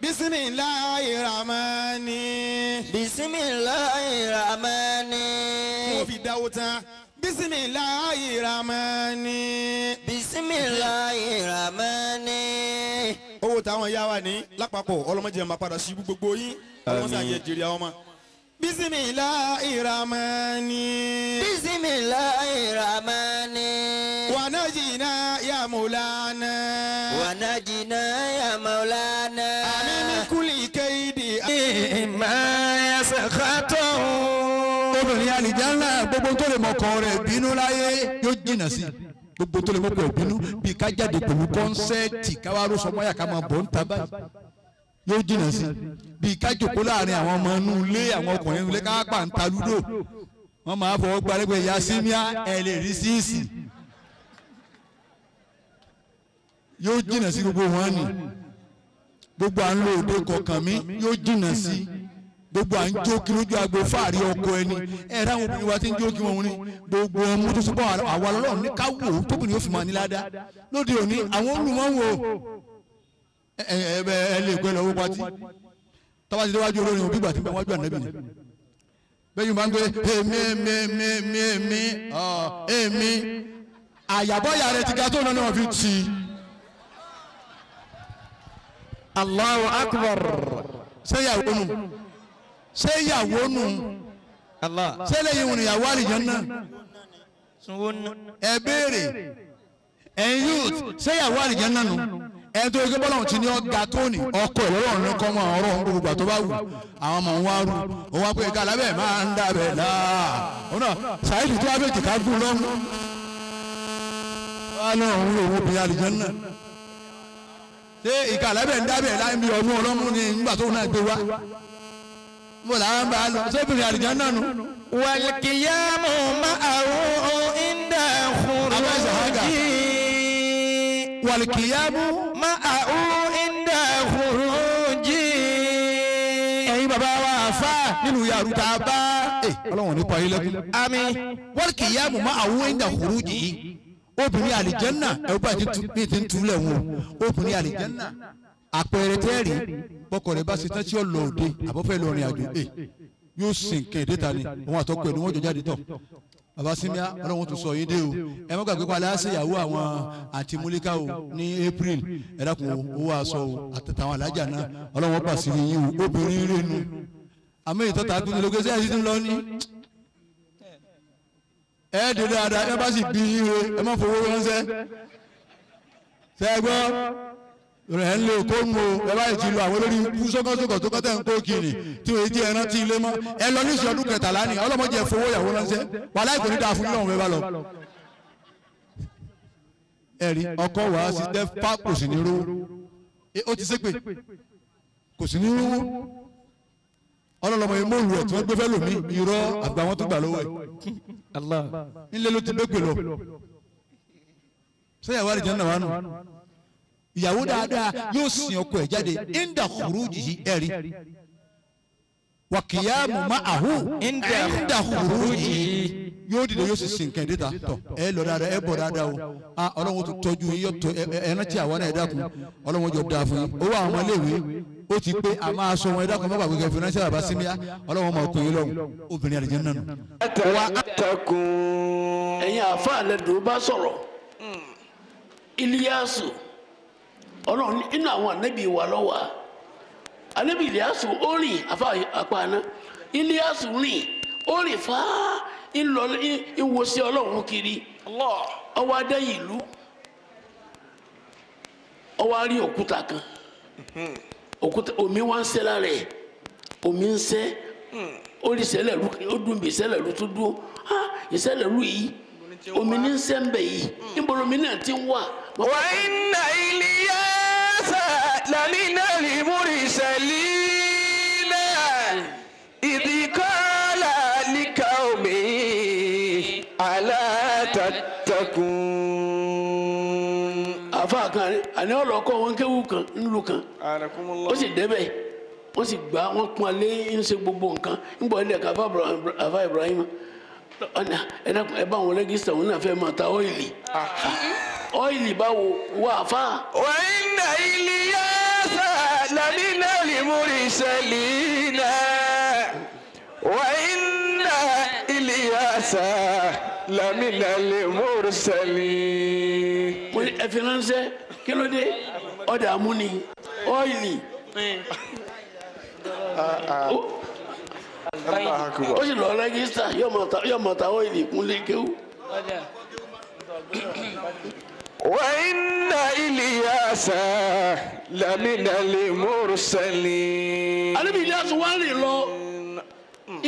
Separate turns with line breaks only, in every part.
bisimilayi ramani. bisimilayi
ramani. mo fi dáwó tán bisimilayi ramani. bisimilayi ramani. owó táwọn yá wa ní lápapọ̀ ọlọ́mọdé máa padà sí gbogbo yín ọlọ́mọdé àyè jèrè àwọn ọmọ.
ramani. bisimilayi ramani. wanajina ya maulana. wanajina ya maulana.
gbogbo tó lè mọkọ rẹ̀ bínú láyé yóò jìnnà sí gbogbo tó lè mọkọ rẹ̀ bínú bí ká jáde pẹ̀lú kọ́nsẹ́ẹ̀tì káwárò sọmọ́yà ká máa bọ̀ ń ta báyìí yóò jìnnà sí bí ká jòkó láàrin àwọn ọmọ inú ilé àwọn ọkùnrin ilé ká pa ń ta lúdò wọ́n máa fọwọ́ gbarẹ́gbẹ́ yasimia ẹ̀ yóò jìnnà sí gbogbo wọn ni gbogbo à ń kọ̀ọ̀kan mi yóò jìnnà sí gbogbo à ń jó kí lójú agbo fáàrí ọkọ ẹni ẹ ráwọn obìnrin wa ti ń jó kí wọn ní gbogbo ọmú tó sọpọ àwa lọ́rọ̀ ní ká wò ó tóbi ni ó fi máa ní ládàá lóde òní àwọn olùmọ̀wò ẹ ẹ lè gbẹ lọ́wọ́ pati tọ́wọ́ ti déwájú olórin òbí gbà tí bẹ́ẹ̀ wájú ànábì ni bẹ́ẹ̀ yóò ń gbé èmi èmi èmi èmi èmi ọ̀ èmi àyàbọ̀yà rẹ̀ ti ga tó náà ni fi tì
í. Allahu akbar sẹ́yà wọnú ṣé ìyàwó nù
ṣé lè yìí ìyàwó àlìjọ́nà ẹ béèrè ẹ̀yin youth ṣé ìyàwó àlìjọ́nà nù ẹ tó ike bọ́lá ti ní ọ̀gá tóní ọkọ̀ ìlọ́rọ̀ ní kọ́mọ ọ̀rọ̀ ń gbogbo àtọ́ bá wù àwọn ọmọ wa rù òun wá pé ká lábẹ́ máa ń dábẹ́ láà
òun náà ṣáìdì tó wá bẹ̀ gùn lọ́mú.
wọn náà ń lo owó bíi àlìjọ́nà ṣé ìkàlẹ́bẹ̀ ń dábẹ́ láì bí ọmọ ọlọ́mú ni nígbà tó náà gbé wá bọ̀dà ń bá a lọ sóbìnrin àlìjá náà nù.
wàlìkìyàmù máa wò ìndà kùrùjì. wàlìkìyàmù máa wò ìndà
kùrùjì. ẹ̀yin bàbá wa àfa nínú yàrá tá a bá.
ọlọ́run ní parí lẹ́kùn. àmín wàlìkìyàmù máa wò ìndà kùrùjì. obìnrin àlìjá ẹ̀ bá ti tu ní ti ń tulẹ̀ wọn obìnrin àlìjá àpẹẹrẹ tẹ́ẹ̀rì
bọ́kọ̀ rẹ̀ bá ṣe tán tí ó lọ òde àbọ̀fẹ́ lọ rìn àjò ẹ̀ eh, yóò sìn kẹ́ ìdẹ́ta ni òun àtọ́kọ ẹ̀ ni wọ́n jọ jáde tọ̀ bàbá simia ọlọ́run tún sọ yín dé o ẹ má gbàgbé palẹ́ àṣeyàwó àwọn àti múlíkà o ní april ẹ dákun owó aṣọ o àtàwọn alájà náà ọlọ́run pàṣẹ yín o obìnrin rẹnu àmọ́ ìtọ́ta àtúntò lókè sẹ́yìn sí ti ń lọ ní
ẹ dé dáadáa ẹ bá sì bí yín o ẹ má fowó ránṣẹ́ sẹ́gbọ́n rẹ̀ ń lé kóńgò ẹ báyìí ti
lu àwọn olórí ikú sọ́kọ́sọ́kọ́ tó kọ́tẹ́ ń kó kiri tí o ti ẹran ti ilé mọ́ ẹ lọ ní ìṣọdún kẹtàlá ni ọlọ́mọdé fowó ìyàwó ránṣẹ́ wàhálà ìkòní dáa fún yín ọ̀hún ẹ bá lọ ẹ̀rí ọkọ wà á sí dẹ́fà kò sì ní rówó ó ti ṣépè kò sì ní rówó ọlọ́lọ́mọ yẹn mọ́ọ̀lù ẹ̀ tí wọ́n gbé fẹ́ lómi irọ́ àgbà wọn tó gbà lọ́wọ́ ìyàwó dáadáa yóò sin ọkọ ẹ̀ jáde inda khurujihi ẹ̀rí wa qiyamu ma'ahu inda khurujihi yóò dìde yóò sì sin nǹkan ìdíta tọ ẹ lọ dáadáa ẹ bọ dáadáa o a ọlọ́run tó tọ́jú yín yóò tọ ẹ rántí àwa náà ẹ dákun ọlọ́run jọ dáa fún yín owó àwọn ọmọ iléèwé ó ti pé a máa sọ wọn ẹ dákun mọ́gbà gbẹgẹ financial àbá símíà ọlọ́run ọmọ ọkùnrin lọ́hùn obìnrin àdìjẹ́
nánu.
wa àtàkùn ẹ̀yin àfa àlẹ́ dùn bá
sọ̀rọ̀ hmm.
Iliyasu. ọlọ́run inú àwọn ànábì wa lọ́wọ́ a ànábì ó rìn afá àpáná rìn ó rìn fá ìwòsí ọlọ́run kiri ọwọ́ adẹ́yìn ìlú ọwọ́ òkúta kan hmm. òkúta omi wá ń sẹ́ lára ẹ̀ omi ń sẹ́ hmm. ó rí sẹ́lẹ̀ lù ó dùn bí sẹ́lẹ̀ lù tó dùn ó ah, ìsẹ́lẹ̀ lù yìí omi ní sẹ́ ń bẹ̀ yìí níbo lomi وإن إلياس لمن
المرسلين إذ قال لقومه ألا تتقون
àfáà kan a ọ̀rọ̀ kọ́ wọn kan kan wọ́n sì gbà wọ́n pọn lé ṣe gbogbo nǹkan ń bọ̀ ilé afa Ibrahim a bá wọn rẹ́gísítà wọn náà fẹ́ máa ta ọ́ìlì báwo wà fà. wà á nà ilé yá sà
lábínà lèmúrì sẹ́lẹ̀ náà wà á nà ilé yá sà lábínà lèmúrì sẹ́lẹ̀.
mo ní ẹ̀fìn ránṣẹ́ kí ló dé ọ̀dà múni ọ́ìlì
ó sì lọ rẹ́gísítà
yọ̀mọ̀ta ọ́ìlì kúnlé kéwú. وإن إلياس لمن المرسلين Ànábì Ìlíyásù wá rìn lọ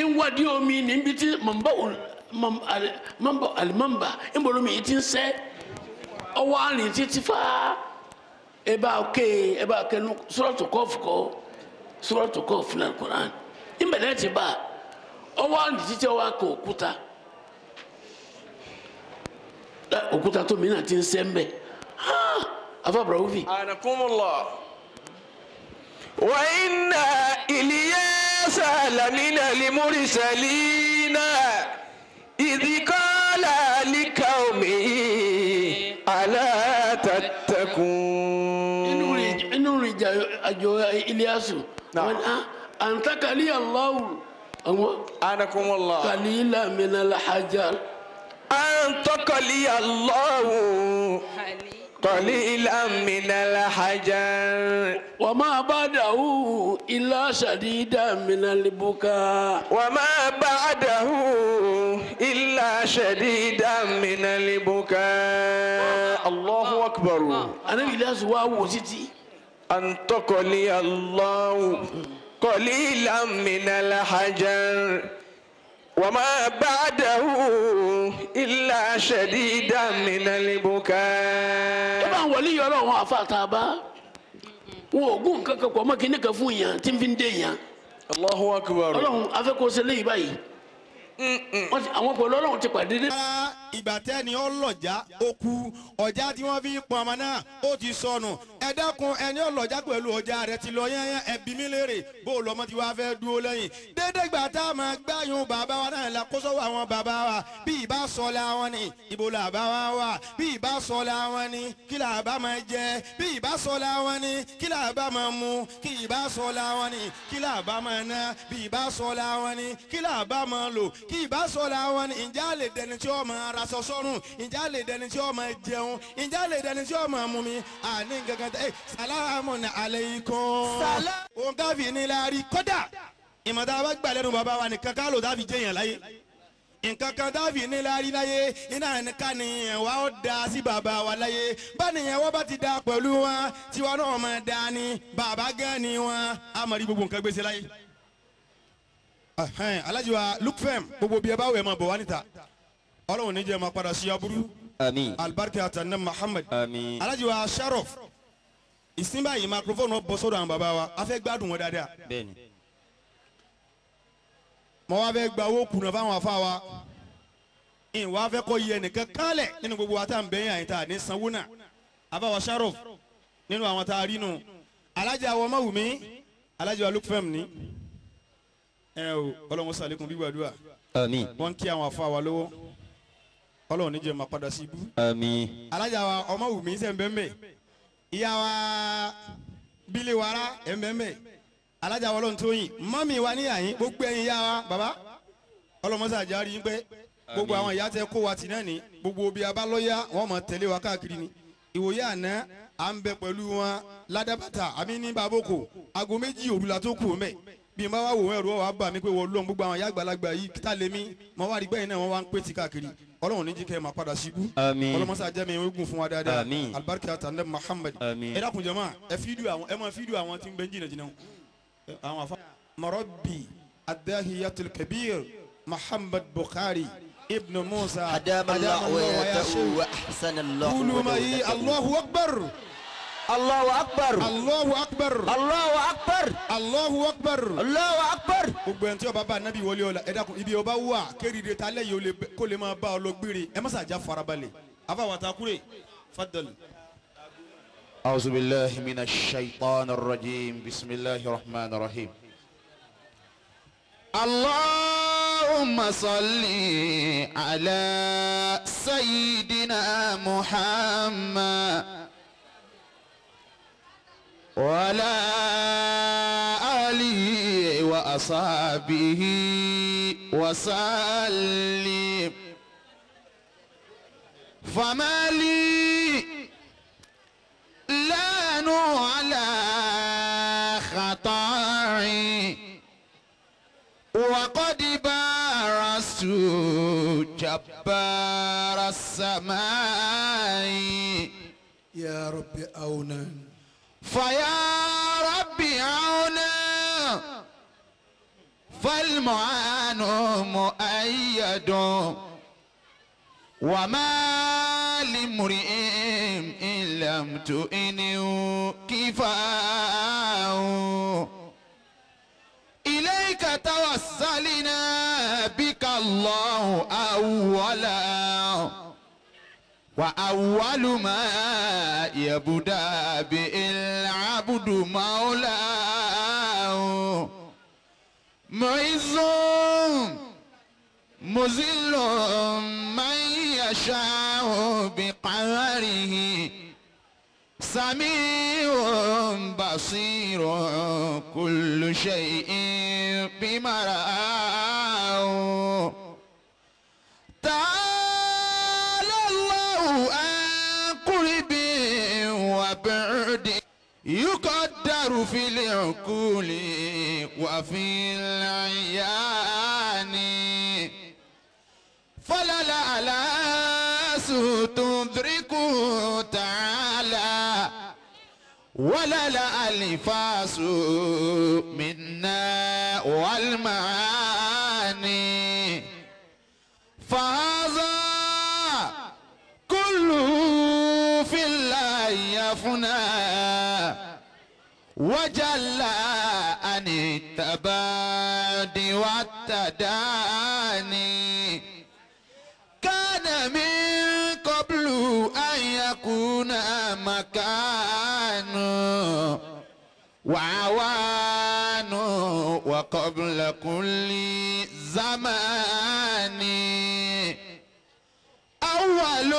ìwádìí omi níbi tí mọ̀nbọ̀ alimọ̀nbà ìmọ̀lómi yìí ti ń sẹ́ ọwọ́ àrìn títí fá ẹ bá ké ẹ ti òkúta tó mìíràn ti ń sẹ́ ń bẹ̀ afa brahmovi. anakumula wa inna iliyasa lamina limurisalina idikala likawmi alatatakun. inú rí inú rí àjọ iliyasu wọn á antakali allahu. anakumula. kalila minal hajar. tọ́kọ̀lì Allahu qalilan minal hajar. wa ma ba'dahu illa shadidan minal buka. wa ma ba'dahu illa shadidan minal buka. Allahu akbar. anabi ilasu wa wo títí. an tọ́kọ̀lì Allahu qalilan minal hajar. وما بعده إلا شديدا من البكاء. ẹ bá ń wọlé yọrọ wọn àfa àtàbá wọn ò gún nǹkan kan pọ̀ mọ́ kíní kan fún yàn tí ń fi ń dé yàn. Allahu akbar. ọlọ́run afẹ́kọ̀ọ́sẹ̀ lẹ́yìn báyìí
àwọn pẹ̀lú ọlọ́run ti pàdé dé ìgbà tẹ́ni ọlọ́jà ó kú ọ̀já tí wọ́n fi pọn ọmọ náà ó ti sọnù ẹ dákun ẹni ọlọ́jà pẹ̀lú ọjà rẹ ti lọ yányán ẹbí mi léèrè bó o lọ́mọ tí wàá fẹ́ dúró lẹ́yìn dédé gbà tá a máa gbáyún bàbá wa náà la kó sọ́wọ́ àwọn bàbá wa bí ìbá sọlá wọn ni ìbò làbá wa wà bí ìbá sọlá wọn ni kí làbá máa jẹ bí ìbá sọlá wọn ni kí làbá máa mu kí ìbá sọlá wọn ni kí làbá máa ná bí ìbá sọlá wọn ni kí làbá máa lò kí ìbá sọlá wọn ni ìjà lè dẹni tí ó máa ra aṣọ sọ́rùn ǹjẹ́ a lè dẹni tí ó máa jẹun ǹjẹ́ a lè dẹni tí ó máa mú mi àní gangan tẹ́ salamu aleikum. òun káfí ní láàrí kódà ìmọ̀ta bá gbà lẹ́nu bàbá wa nìkan ká ló dábì jẹ́yàn láyé nǹkan kan dábì ní láàrí láyé iná nìkan nìyẹn wa ó da sí bàbá wa láyé bá nìyẹn wọ́n bá ti da pẹ̀lú wọn tiwa náà máa da ni bàbá gan ni wọn a máa rí gbogbo nǹkan gbèsè láyé. alájùwà look firm gbogbo bí ẹ bá wẹ̀ máa bọ̀ wá níta ọlọ́run níjẹ́ máa padà sí aburú. àmín. alibarika atana muhammad. àmín. alhaji wa sharof ìsínbà yìí microphone náà bọ́ sọ́dọ̀ àwọn bàbá wa a fẹ́ gbádùn wọn dáadáa. bẹ́ẹ̀ni. mo wá fẹ́ gba owó kùnà fáwọn afa wa n wá fẹ́ kọ́ yẹ nìkan kálẹ̀ nínú gbogbo wa tá à ń bẹ́yìn àyíntà ní sanwó náà abawa sharof nínú àwọn tá a rí nù alhaji awọ mawumi alhaji wa lukfem ni ẹ o ọlọ́run sàlékún bí gbàdúrà. àmín. kí àwọn afa wa lọ́wọ́ kọ́lọ̀ níjẹ́ máa padà sí ibú. àmín. alájà wa ọmọ wùmí sẹ́ ń bẹ́ mbẹ́ ìyá wa bílẹ̀ wàrà ẹ̀ ń bẹ́ mbẹ́ alájà wa lọ́n tóyìn mọ́mì wa níyà yín gbogbo ẹ̀yin ìyá wa bàbá ọlọ́mọsá àjárí yín pé gbogbo àwọn ìyá tẹ kó wa tì náà ní gbogbo bí a bá lọ́yà wọ́n mọ̀ tẹ̀lé wa káàkiri ni ìwòye àná à ń bẹ pẹ̀lú wọn ládàbàtà àmì ní baboko aago méjì òru la tó kù mẹ́ bí n bá wà wò wọ́n ẹ̀rọ wa bà mí pé wọ́n lọ́n gbogbo àwọn ìyá àgbàlagbà yìí kíta lèmi mọ́ wá rí gbẹ́yìn náà wọ́n wá ń pè tí káàkiri ọlọ́run ní jíkẹ́ máa padà síbú ọlọ́mọsá jẹ́mi ogun fún
wa dáadáa alibarika
tande muhammed ẹ dákun jama ẹ fídíò àwọn ẹ máa fídíò àwọn tí ń bẹ jìnnà jìnnà àwọn afa. marabi adahiyatul kabir muhammed
bukhari ibn musa adamallahu wa yatahu
wa ahsanallahu kulumayi
allahu akbar. الله أكبر الله أكبر الله
أكبر الله أكبر الله akbar. gbogbo ẹni tí ọba bá anabi wọlé ọ̀la ẹ dákun ibi ọba wà kéré ta alẹ́ yìí kó lè máa bá ọ lọ gbére ẹ má sàjà farabalẹ̀ afa wàtá kúrè fadal. أعوذ بالله من الشيطان الرجيم بسم الله
اللهم صل على سيدنا محمد وعلى
وأصحابه
وسلم فما لي لا على خطاعي وقد بارست
جبار السماء يا ربي أونا فيا ربي
أونا فالمعان مؤيد وما لامرئ
إن لم تئنه كفاه
إليك توسلنا بك الله أولا وأول
ما يبدأ به العبد مولاه معز مذل من يشاء بقهره سميع بصير كل شيء بمرآه في العقول وفي العيان
فلا لا لا تدرك تعالى ولا لا الفاس
منا والمعاني العباد والتداني كان من قبل أن يكون مكان وعوان وقبل كل زمان
أول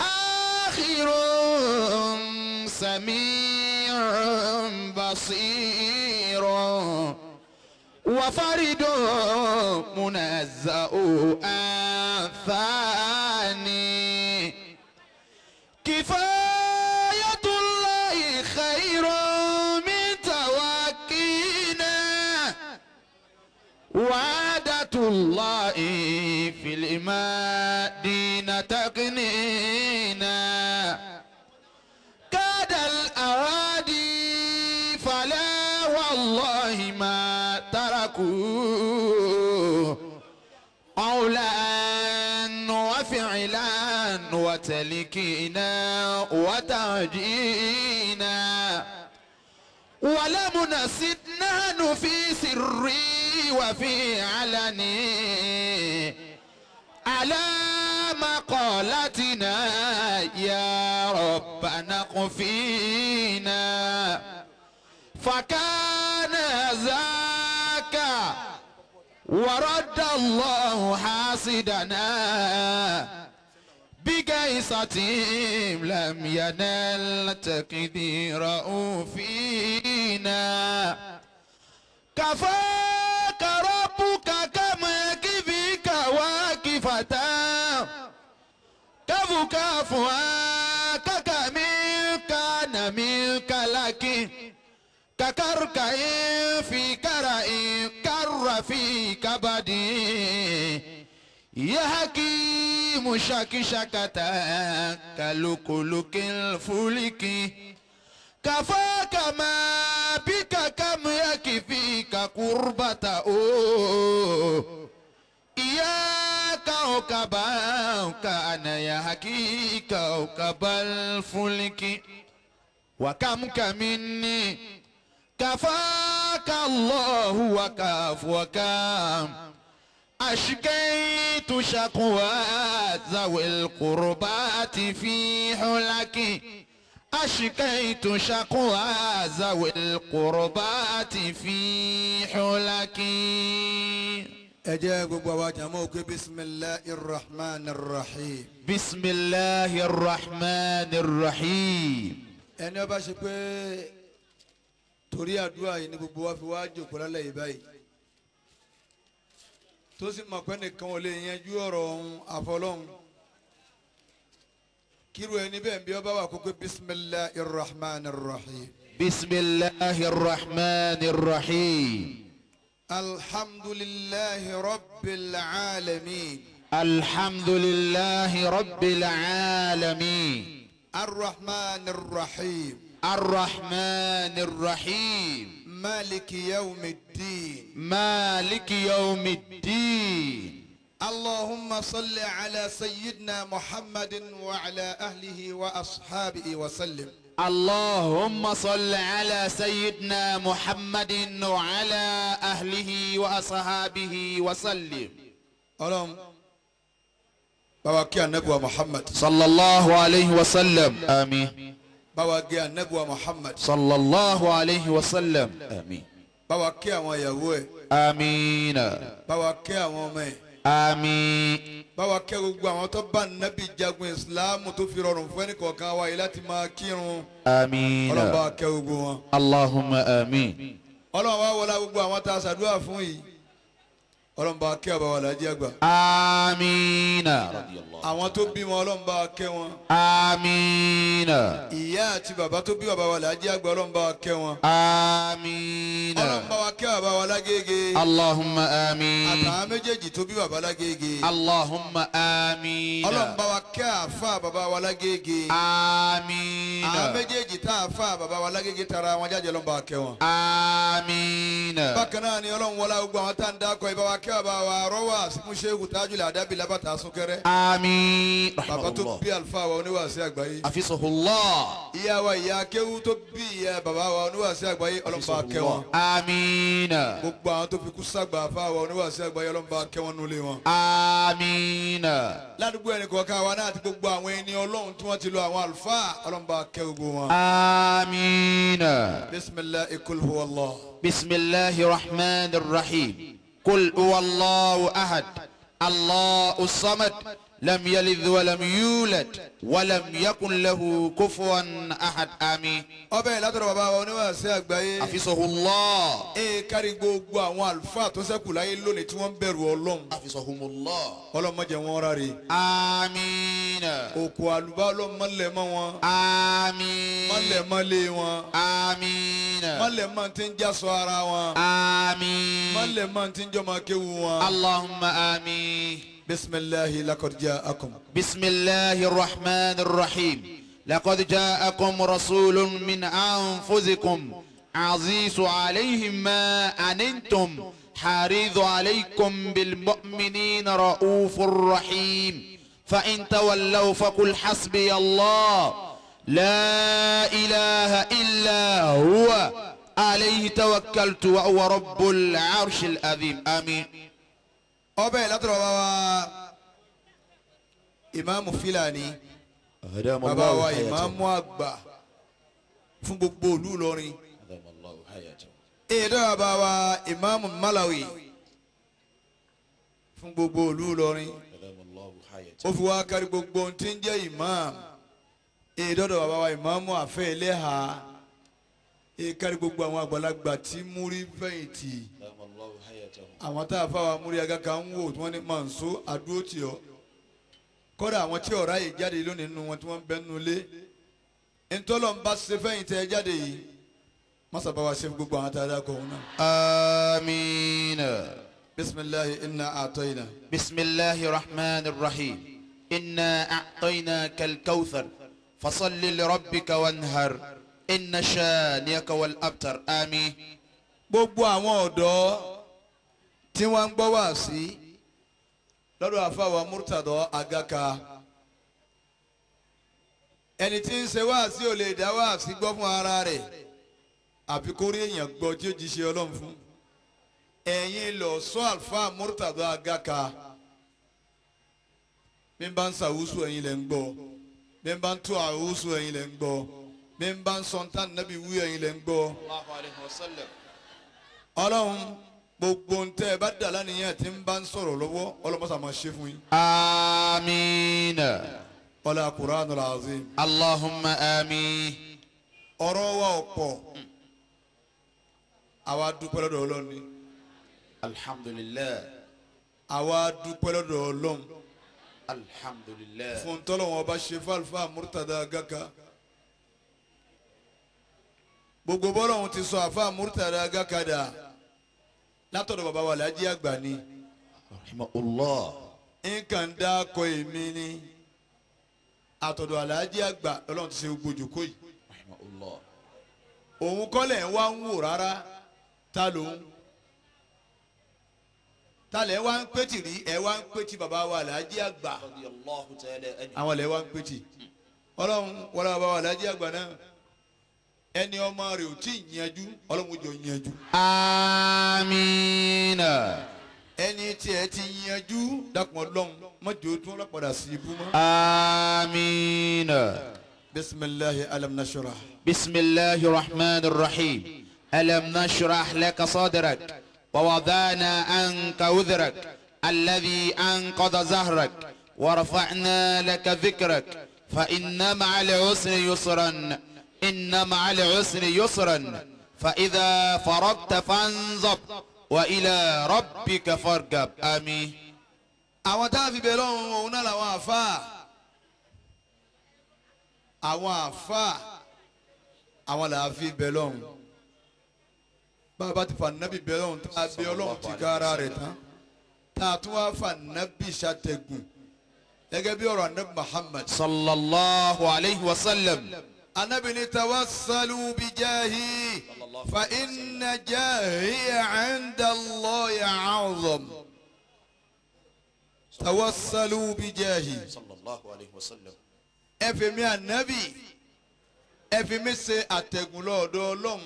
آخر سميع
بصيرا وفرد منزأ ثاني
كفاية الله خير من توكينا
وعدة الله في المدينة تقنينا مالكينا وتعجينا
ولم نسدنا في سري وفي علني على مقالتنا
يا ربنا نقفينا
فكان ذاك ورد الله حاسدنا
ليس تيم لم ينل تقدير
فينا كفاك ربك كما كفيك واقفة كفك فواك كملك نملك لك ككرك في كرئ كر في
كبدي يحكي مشاكشكة كالوكولوك الفوليكي كفاك ما بك كم يكفيك قربة إياك وكباك أنا يحكيك وكب الفوليكي وكمك مني كفاك الله وكاف وكام أشكيت شكوى ذوي القربات في حلك أشكيت شكوى ذوي القربات في حلك أجاب بواجموك بسم الله الرحمن الرحيم بسم الله الرحمن الرحيم أنا باشكوى torí àdúrà yìí ni gbogbo wa fi wá tó sì mọ̀ pé nìkan ò lè yanjú ọ̀rọ̀ ọ̀hún àfọlọ́hún kíru ẹni bẹ́ẹ̀ bí ọba wà kókó bisimilahi rahman rahim. bisimilahi rahman rahim.
alhamdulilahi
rabbil alamin.
alhamdulilahi rabbil alamin.
arrahman rahim. arrahman rahim. مالك يوم الدين مالك يوم الدين اللهم صل على سيدنا محمد وعلى أهله وأصحابه وسلم اللهم صل على سيدنا محمد وعلى أهله وأصحابه وسلم اللهم بابا كي محمد صلى الله عليه وسلم آمين báwa gé anabiwa muhammad. sallallahu alayhi wa sallam. àmín. báwa kẹ́ àwọn ìyàwó ẹ̀. amiina. báwa kẹ́ àwọn ọmọ ẹ̀. àmín. báwa kẹ́ gbogbo àwọn tó bá nabi jagun isilamu tó fi rọrùn fún ẹnì kọ̀ọ̀kan wa yìí láti máa kírun. amiina. ọlọ́ba kẹ́ gbogbo wọn. allahumma àmín. ọlọ́run wa wọlá gbogbo àwọn tá a ṣàdúrà fún yìí ọlọ́mọba kẹ́ ọba wa àgbà. amiina. àwọn tó bí wọn ọlọ́mọba kẹ́ wọn. amiina. ìyá àti bàbá tó bí bàbá wa àgbà ọlọ́mọba kẹ́ wọn. amiina. ọlọ́mọba wa kẹ́ bàbá wa lágége. allahumma amiin. àtàwọn méjèèjì tó bí bàbá lágége. allahumma amiin. ọlọ́mọba wa kẹ́ àfa bàbá wa lágége. amiina. àwọn méjèèjì tá àfa bàbá wa lágége tara wọn jáde ọlọ́mọba kẹ́ wọn. amiina. bákan náà ni ọlọ́run kí bàbá wa rọ́wà símúṣẹ́gù tájúlẹ̀ àdábì lábàtà súnkẹrẹ. àmín. bàbá tó bí àlùfáà wa oníwàásí àgbáyé. àfisọ̀hùnlọ́. ìyá wa ìyá tó bí ìyá bàbá wa oníwàásí àgbáyé ọlọ́mọba kẹwọn. àmín. gbogbo àwọn tó fi kú sàgbà fà wa oníwàásí àgbáyé ọlọ́mọba kẹwọn nulẹ̀ wọn. àmín. ládùúgbò ẹnì kọ̀ọ̀kan wa náà ti gbogbo àwọn ẹni ọlọ́run tí wọ́n ti lo àwọn àlùfáà ọlọ́mọba kẹ gbogbo wọn. rahim. قل هو الله أحد الله الصمد lam yalid walam yulad walam yakun lahu kufuwan ahad ami. ọbẹ̀ ìlàtọ̀rọ̀ bàbá wa onímọ̀ sí àgbáyé. àfisọ̀hùnlọ́. ee kárí gbogbo àwọn àlùfáà tó sẹ́kù láyé lónìí tí wọ́n ń bẹ̀rù ọlọ́run. àfisọ̀hùnlọ́. ọlọ́mọdé wọn rárẹ. amiina. òkú àlùbálọ̀ mọ́lẹ̀ mọ́ wọn. amiina. mọ́lẹ̀ mọ́lẹ̀ wọn. amiina. mọ́lẹ̀ mọ́ ti ń jásọ ara wọn. amiina. mọ́lẹ̀ mọ́ ti ń jọmọ kéwu wọn. allahumma amiina. بسم الله لقد جاءكم بسم الله الرحمن الرحيم لقد جاءكم رسول من أنفسكم عزيز عليهم ما أنتم حريض عليكم بالمؤمنين رؤوف رحيم فإن تولوا فقل حسبي الله لا إله إلا هو عليه توكلت وهو رب العرش الأذيم آمين ọbẹ̀ látọ̀rọ̀ bá imam filani, Fílàní bàbá wa ìmáàmù àgbà fún gbogbo ìlú Ìlọrin ìdọ́wà bá wa ìmáàmù Malawi fún gbogbo ìlú Ìlọrin ó fi wá kárí gbogbo ohun tí imam jẹ́ ìmáàmù ìdọ́dọ̀ bàbá wa ìmáàmù àfẹ́ ẹlẹ́hà ìkárí gbogbo àwọn àgbàlagbà tí múrí fẹ̀yìntì àwọn tá a fa wa múri agaga ń wò tí wọ́n ní màǹsó àdúró tì ọ́ kọ́dà àwọn tí ọ̀rá yìí jáde lónìí nínú wọn tí wọ́n ń bẹ́ nínú ilé ntọ́lọ̀ ń bá ṣe jáde yìí masaba wa ṣe gbogbo àwọn tá a dá kọ́ ọ́n náà. amiina. bisimilahi inna atoyina. bisimilahi rahman rahim inna atoyina kalkawthar fasalli lirabbika wanhar inna shaniyaka wal abtar ami. gbogbo àwọn ọ̀dọ́ tí wọ́n ń gbọ́ wá sí lọ́dọ̀ àfàwà Murtado Agaka ẹni tí ń ṣe wá sí ò lè dá wá sí gbọ́ fún ara rẹ̀ àfi kó rí èèyàn gbọ́ tí ó jíṣẹ́ Ọlọ́run fún ẹ̀yin lọ sọ àlùfáà Murtado Agaka bí n bá ń sàwùsù ẹ̀yin lẹ́ ń gbọ́ bí n bá ń tó àwùsù ẹ̀yin lẹ́ ń gbọ́ bí bá ń sọ̀ntàn nàbí wú ẹ̀yin lẹ́ ń gbọ́. Ọlọ́run gbogbo ntẹ ẹ bá dà lánìyàn tí ń bá ń sọ̀rọ̀ lọ́wọ́ ọlọmọsà máa ṣe fún yín. amiina. ọlá Qur'anul azim. Allahumma amin. ọ̀rọ̀ wa ò pọ̀ àwa dúpẹ́ lọ́dọ̀ Ọlọ́run ni. alhamdulilayi. àwa dúpẹ́ lọ́dọ̀ Ọlọ́run. alhamdulilayi. fún tọ́lọ́wọ́n ọba ṣe fàlùfà Murtada Gaka gbogbo bọ́lọ̀ ohun ti sọ àfa Murtada Gaka dà látọ̀dọ̀ bàbá wa làájì àgbà ni rahimahullah nǹkan dá kọ èmi ni àtọ̀dọ̀ àlàájì àgbà ọlọ́run ti ṣe gbójú kó yìí rahimahullah òun kọ́lẹ̀ ń wá ń wò rárá ta lòun talẹ̀ wá ń pẹ́tì rí ẹ wá ń pẹ́tì bàbá wa làájì àgbà àwọn lẹ̀ wá ń pẹ́tì ọlọ́run wọlé bàbá wa làájì àgbà náà. ẹni ọmọ rẹ ò tí ì yanjú ọlọ́run jọ yanjú. amiina. ẹni tí ẹ ti yanjú dákun ọlọ́run mọ̀jọ́ tún ọlọ́padà sí ibú mọ́. amiina. bisimilahi alam nashura. bisimilahi rahman rahim alam nashura laka sadirak wawadana anka udrak alladhi anqada zahrak warafacna laka dhikrak fa inna maca al-usri yusran. إن مع العسر يسرا فإذا فرغت فانصب وإلى ربك فارغب آمين àwọn tá a fi bẹ̀rẹ̀ ọ̀hún ọ̀hún náà làwọn àáfàá àwọn àáfàá àwọn làá fi bẹ̀rẹ̀ ọ̀hún bàbá ti fànàbì bẹ̀rẹ̀ ọ̀hún tá a bẹ ọlọ́run ti ká ara rẹ̀ tán tá a tún wá fànàbì ṣàtẹ̀gùn gẹ́gẹ́ bí ọ̀rọ̀ anabi Muhammad sallallahu alayhi wa sallam. Ànábì ní tawassalu bi jahi fa inna jahi 'inda Allahi 'azam tawassalu bi jahi ẹ fi mí ànábì ẹ fi mí ṣe àtẹ̀gùn lọ́dọ̀ Ọlọ́run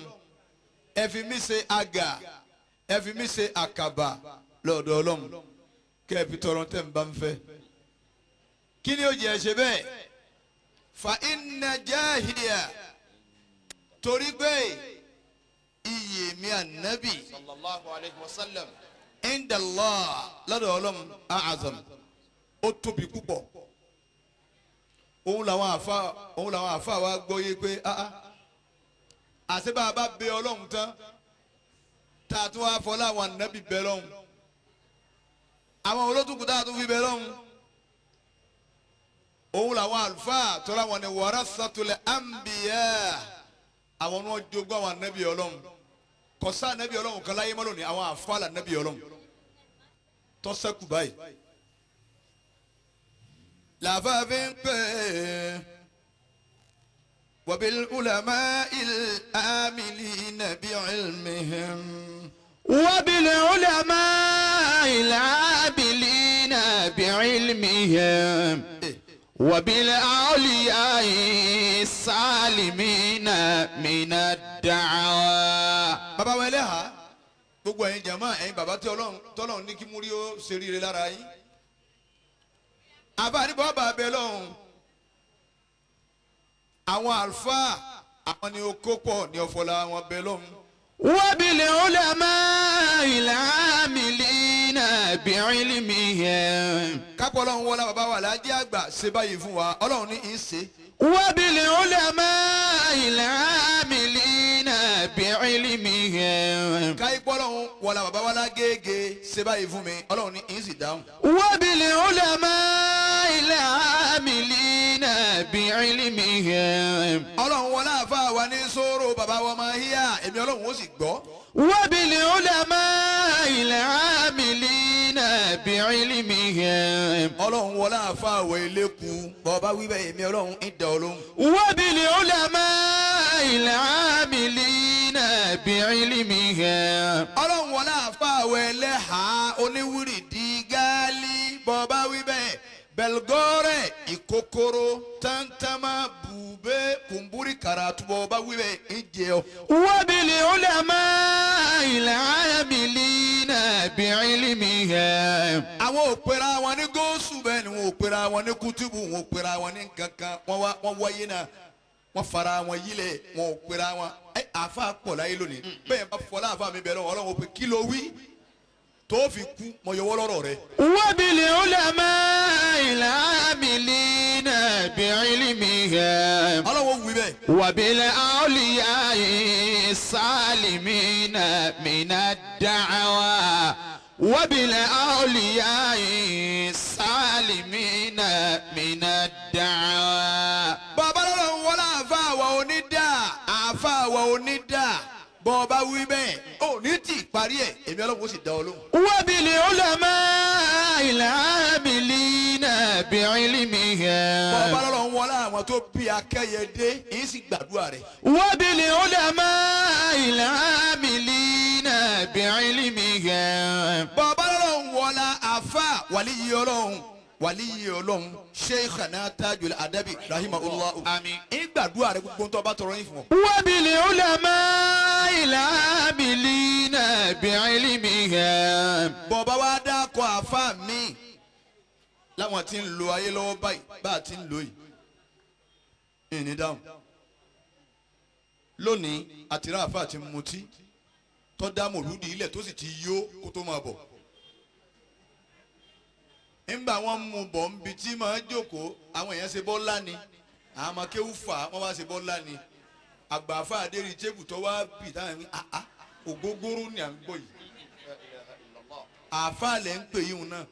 ẹ fi mí ṣe àgà ẹ fi mí ṣe àkàbà lọ́dọ̀ Ọlọ́run kẹ́ ẹ fi tọrọ tẹ́ ń bá ń fẹ́ kí ni ó jẹ́ ṣe bẹ́ẹ̀ fa inna jahiya torí pé iyì mi ànábì sallallahu alayhi wa sallam inda Allah lọ́dọ̀ ọlọ́run azam ó tóbi púpọ̀ òun làwọn àfa òun làwọn àfa wa gbọ́yé pé ah, ah. àti bá bá bẹ ọlọ́run tán tá fọlá àwọn ànábì bẹ lọ́hùn àwọn olótùkú tá fi bẹ lọ́hùn òun làwọn àlùfáà tọ́lá wọn ni warasatul anbiya àwọn ni wọ́n jogún àwọn ànábì ọlọ́run kọ̀sá ànábì ọlọ́run kan láyé mọ́lò ní àwọn àfáà lànábì ọlọ́run tọ́sẹ́kù báyìí làbàbí ń pè é wabil ulama'il amilina bi ilmihim. wabil ulama'il amilina bi ilmihim. وبالأولياء السالمين من الدعوى bàbá wa ẹlẹ́hà gbogbo ẹ̀yin jàmá ẹ̀yin bàbá tí ọlọ́run tọ́lọ́run ní kí múrí ó ṣe rí ire lára yín àbá níbo bàbá abẹ lọ́hùn àwọn àlùfáà àwọn ni ó kó pọ̀ ní ọ̀fọ̀lá wọn bẹ lọ́hùn.
وبالعلماء
العاملين بعلمهم kápọ̀ ọlọ́run wọlé bàbá wa láàjì àgbà ṣe báyìí fún wa ọlọ́run ní í ṣe.
وبل علماء العاملين
بعلمهم. káyí pọ́lọ́run wọlé bàbá wa lágége ṣe báyìí fún mi ọlọ́run ní í sì dáhùn.
وبل علماء العاملين
بعلمهم. ọlọ́run wọlé àfa wa ní sóró bàbá wa máa híyà èmi ọlọ́run ó sì gbọ́. وبالعلماء العاملين بعلمهم ọlọ́run wọlé àfa àwẹ̀ ìlẹ́kù bọ́ọ̀bá wíwẹ̀ èmi ọlọ́run ìdá olóhùn.
وبل علماء العاملين
بعلمهم. ọlọ́run wọlé àfa àwẹ̀ ẹlẹ́hàá oníwìrìdì gáálí bọ́ọ̀bá wíwẹ̀ belgore ikokoro tantama bube kumburi karatubo bawibe ijeo wabili ulama ilamilina biilimiha àwọn òpera wọn ní góòsù bẹ́ẹ̀ ni wọn òpera wọn ní kútùbù wọn òpera wọn ní kankan wọn wáyé náà wọn fara wọn yílẹ̀ wọn òpera wọn ẹ àfa pọ̀ láyé lónìí mm. bẹ́ẹ̀ bá fọlá àfa mi bẹ̀rẹ̀ ọlọ́run kilo wi. ló wí tó fi kú mọ yọwọ́ lọ́rọ̀ rẹ.
wábìlì ulama ìlà àmìlì náà bí ilmi hẹ. ọlọ́wọ́ wù bẹ́ẹ̀. wàbílẹ̀ àwòlíyá
ìsàlìmí náà mìíràn da'wa. wàbílẹ̀ àwòlíyá ìsàlìmí náà mìíràn da'wa. bàbá lọ́rọ̀ ń wọlé àfa àwa onídà àfa àwa onídà bọ́ọ̀ bá wí bẹ́ẹ̀ ò ní parí ẹ̀ èmi ọlọ́run ó sì dá ọ lóhùn. wábìlì ọlọ́mọ ìlàbìlì náà bí ìlímì hẹ́. bọ́ọ̀bá lọ́rọ̀ ń wọlé àwọn tó bí akẹ́yẹdé èyí sì gbàdúrà rẹ̀. wábìlì ọlọ́mọ ìlàbìlì náà bí ìlímì hẹ́. bọ́ọ̀bá lọ́rọ̀ ń wọlé àfa wàlíyí ọlọ́run wàlíyé ọlọ́run sheikhana tajul adabi rahimahullah àmín ìgbàdúrà rẹ gbogbo tó tọrọ yín fún ọ. wábìlì ulama ìlàbìlì náà bí ilmihim. bọ̀bá wa dákọ̀ àfa mi láwọn tí ń lo ayé lọ́wọ́ báyìí bá a ti ń lo yìí ìní dáhùn lónìí àtìrá àfa àti mutí tó dá mòlúdi ilẹ̀ tó sì ti yó kó tó máa bọ̀ ńgbà wọn mú bọ̀ nbi tí màá jókòó àwọn èèyàn ṣe bọ́lá ni àwọn kéwù fà wọn wá ṣe bọ́lá ni àgbàfà adérí tébù tó wá bì táwọn ẹni àá ògógóró ni à ń gbọ́ yìí àáfà lẹ̀ ń pè yín náà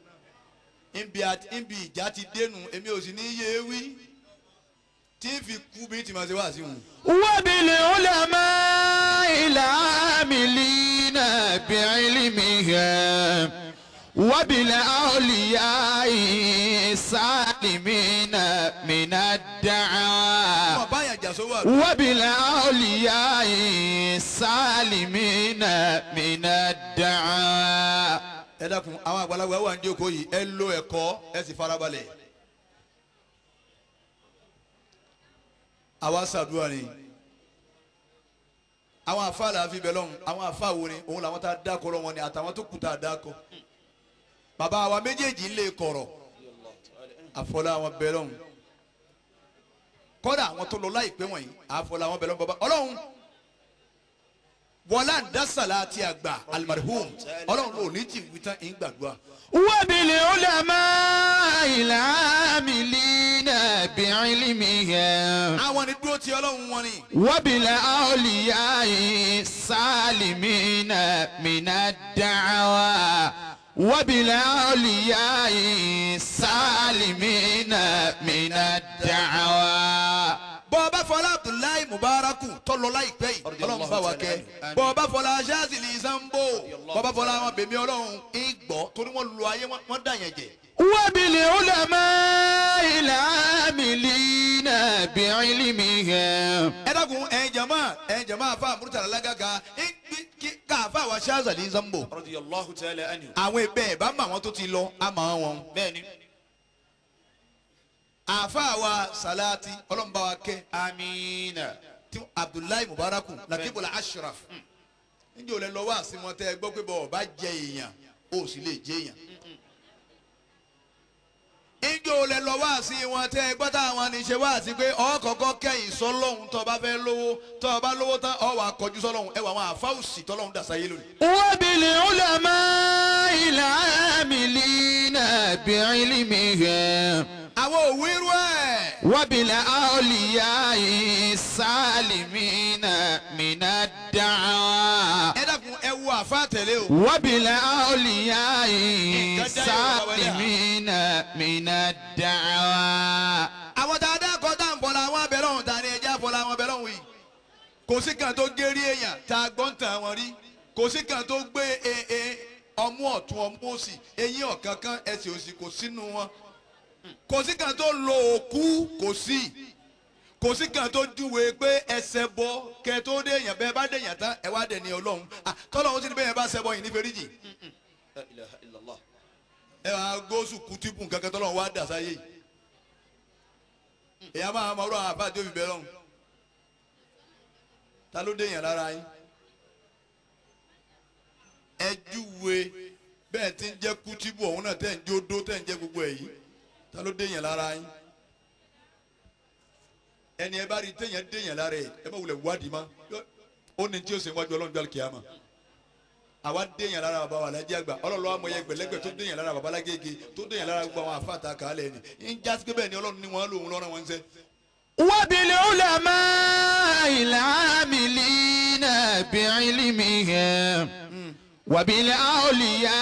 nbi ìjà ti dénú èmi ò sì ní yé e wí tí n fi kú bí tí màá ṣe wá sí wọn. wábìlì ulama ìlà
àmìlí náà bí ilmi hàn.
وبلا أولياء سالمين من الدعاء. وبلا أولياء سالمين من الدعاء. ẹ dákun àwọn àgbàlagbà wà ní oko yìí ẹ lo ẹ̀kọ́ ẹ sì farabalẹ̀. àwa ṣàdúrà ni àwọn afa làá fi bẹ lọ́hùn àwọn afa wo ni òun làwọn tá dákọ lọ́wọ́ ni àtàwọn tó kù dákọ bàbá wa méjèèjì ń lè kọ̀rọ̀ àfọlá àwọn bẹ̀rọ̀n kọ́dà àwọn tó lọ láìpẹ́ wọ̀nyí àfọlá àwọn bẹ̀rọ̀n bàbá ọlọ́run wọlá dasala àti àgbà alimarihum ọlọ́run ló ní tì wí tán ń gbàdúrà.
wabili ulama
ila amilina bi ilmihim. àwọn ni dúró ti ọlọ́run wọn ni. wabili awliya salimina mina da'awa wabila olùyà salimina mina dàwa. bọ́ọ̀bá fọlá abdullahi mubaraku tọ́lọ láìpẹ́ yìí ọlọ́run bá wa kẹ́ bọ́ọ̀bá fọlá azazili zambo bọ́ọ̀bá fọlá àwọn bèmí ọlọ́run ìgbọ́ torí wọ́n lu ayé wọ́n dàyẹn jẹ. wabili ulama ilà amilina bi'ilmiha. ẹ dákun ẹ jama ẹ jama afa murtala lagaga káfa àwa ṣáàzàlì zambo. radiyallahu ta'ala anhu. àwọn ẹbẹ ẹ bá mọ àwọn tó ti lọ a mọ wọn. bẹ́ẹ̀ni. àfa àwa salati ọlọ́mùbá wa kẹ́. amiina. tí abdullahi mubarak lakibula ashraf. níjẹ́ hmm. olè lọ́wọ́ àsìmọ́tẹ́ gbọ́ pé bọ́ọ̀ bá jẹ èèyàn ó sì lè jẹ èèyàn ìjọ lẹ lọ wá sí wọn tẹ ẹ táwọn ní wá sí pé ọ kọ́kọ́ kẹ́yìn sọlọ́hún tó lówó tó lówó tán ọ kọjú sọlọ́hún ẹ wà wọn àfáwùsì tọ́lọ́hún dàsa yé lónìí.
wọ́n bí lè ń lè mọ ilà àmìlí náà bí ilé mi hẹ́.
àwọn òwe irú ẹ̀. wọ́n bí lè àọ́lìyá ìsàlìmí náà mìíràn dáhùn àfa tẹ̀lé o. wábìlà ọ̀lìyà ìsàmìnà mìnà dàwa. àwọn tá a dá kọjá ń fọlá àwọn abẹ́rẹ́ ọ̀hún ta ni ẹja fọlá àwọn abẹ́rẹ́ ọ̀hún yìí. kò sí kan tó gérí èèyàn tá a gbọ́n tàn wọ́n rí kò sí kan tó gbé ee e, ọmú ọ̀tún ọmú òsì eyín ọ̀kankan ẹsẹ̀ òsì kò sínú wọn kò sí kan tó lo òkú kò sí kò sí kan tó júwe pé ẹsẹ̀ bọ kẹ tó déyàn bẹ́ẹ̀ bá déyàn tán ẹ wá dẹ̀ ní ọlọ́run tọ́lọ́run sì ni bẹ́ẹ̀ bá sẹ́bọ̀ yìí ní fèrèjì. ẹ wàá gósù kùtìbù kankan tọ́lọ́run wá dà sáyé yìí. máa ma ọ̀rọ̀ àbá tóbi bẹ́ẹ̀ lọ́hùn. ta ló déyàn lára yín. ẹ júwe bẹ́ẹ̀ ti ń jẹ́ kùtìbù ọ̀hún náà tẹ̀ ń jó dó tẹ̀ ń jẹ́ gbogbo ẹ̀ yìí ta ló déyàn lára yín ẹni ẹ bá rí téèyàn déèyàn lára ẹ ẹ bá wulẹ̀ wádìí ma ó ní tí ó sì ń wájú ọlọ́run jọ́lù kìáma àwa déèyàn lára bàbá wa alájí àgbà ọlọ́run amọ̀yẹ gbẹ̀lẹ́gbẹ̀ tó déèyàn lára bàbá alágége tó déèyàn lára gbogbo àwọn àfáàtà kàálẹ̀ ni ń já sí bẹ́ẹ̀ ni ọlọ́run ní wọn lòun lọ́rọ̀ wọn ṣe. wábìlì ulama ìlàmìlì náà bí ilmi hẹ́m wàbílẹ̀ àwòlíyá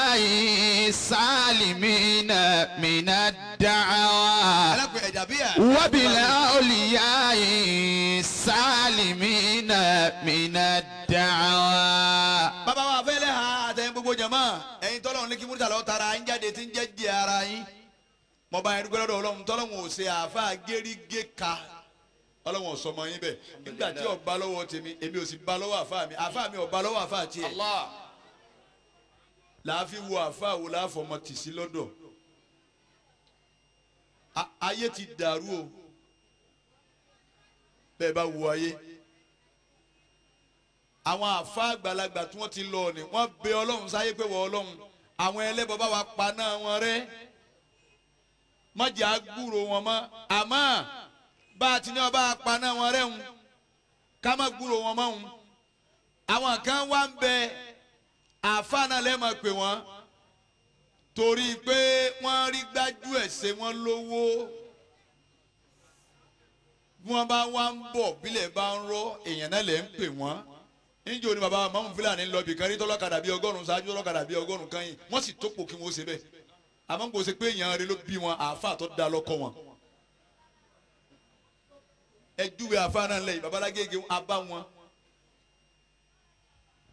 ìsàlìmínà mìnà dàwa. wàbílẹ̀ àwòlíyá ìsàlìmínà mìnà dàwa. bàbá wa fẹ́lẹ́ ha àtẹ̀yìn gbogbo jama ẹ̀yin tọ́lọ̀ ní kí múrítà lọ́ọ́ tara ń jáde tí ń jẹ́ di ara yín mọba yẹn dúpẹ́ lọ́dọ̀ ọlọ́run tọ́lọ̀ ń ṣe àáfàá gẹ́rígẹ́ ka ọlọ́run ò sọmọ yín bẹ́ẹ̀ nígbà tí ó bá lọ́wọ́ tèmi èmi ò sì bá lọ́wọ́ àáfàá mi àáfàá mi ò bá lọ́wọ́ àáfàá tiẹ̀ láàfin wo àáfàá wo láàfọmọ tì sí lọ́dọ̀ ayé ti dàrú o bẹ́ẹ̀ bá wo ayé àwọn àáfàá àgbàlagbà tí wọ́n ti lọ ni wọ́n bẹ ọlọ́run sáyé pé wọ ọlọ́run àwọn ẹlẹ́bọ̀ bá wa paná wọn rẹ́ mọ̀jà gbúrò wọn mọ́ àmọ́ bá a ti ní ọba paná wọn rẹ́ ń ká má gbúrò wọn mọ́ ń àwọn kan wá ń bẹ́ẹ̀ àáfàá náà lẹ́ẹ̀ máa pè wọ́n torí pé wọ́n rí gbájú ẹ̀ ṣe wọ́n lówó bí wọ́n bá wá ń bọ̀ bílẹ̀ bá ń rọ́ èèyàn náà lẹ́ẹ̀ ń pè wọ́n níjó ni baba mamu fúlàní lọ bìkan rí tọ́lọ́kadà bíi ọgọ́rùn-ún ṣáájú tọ́lọ́kadà bíi ọgọ́rùn-ún kan yìí wọ́n sì tó pò kí wọ́n ṣe bẹ́ẹ̀ àmọ́ kò ṣe pé èèyàn rẹ ló bí wọn àáfàá tó da lọ́kọ wọn. ẹ júwe àáfàá náà lẹ́yìn babalágége abá wọn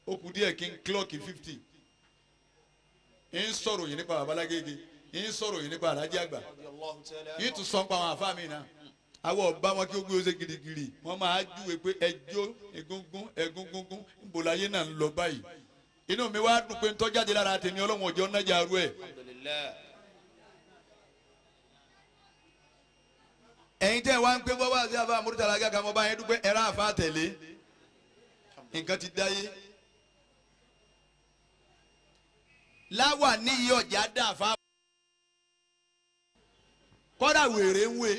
ó kù díẹ̀ kí n clock fifty ń sọ̀rọ̀ yìí nípa babalágége ń sọ̀rọ̀ yìí nípa alájí àgbà yìí tún sọ́n pa àwọn àfa mi náà awọ ọba wọn kí ó gbé ose girigiri wọn máa júwe pé ẹjọ egungun egungun nbọláyé náà ń lọ báyìí inú mi wá dùn pé ntọ́jáde lára tèmi ọlọ́run ọjọ́ nájà arú ẹ̀. ẹ̀yin tẹ́ wá ń pé bọ́wọ́ àti àfa àmúrútàlágà kàmọ́ báyẹn dúpẹ́ ẹ̀rá àfa tẹ̀lé nǹkan ti dáyé. láwà níyì ọ̀jà dà fáwọn. kọ́dà wèrè ń wé.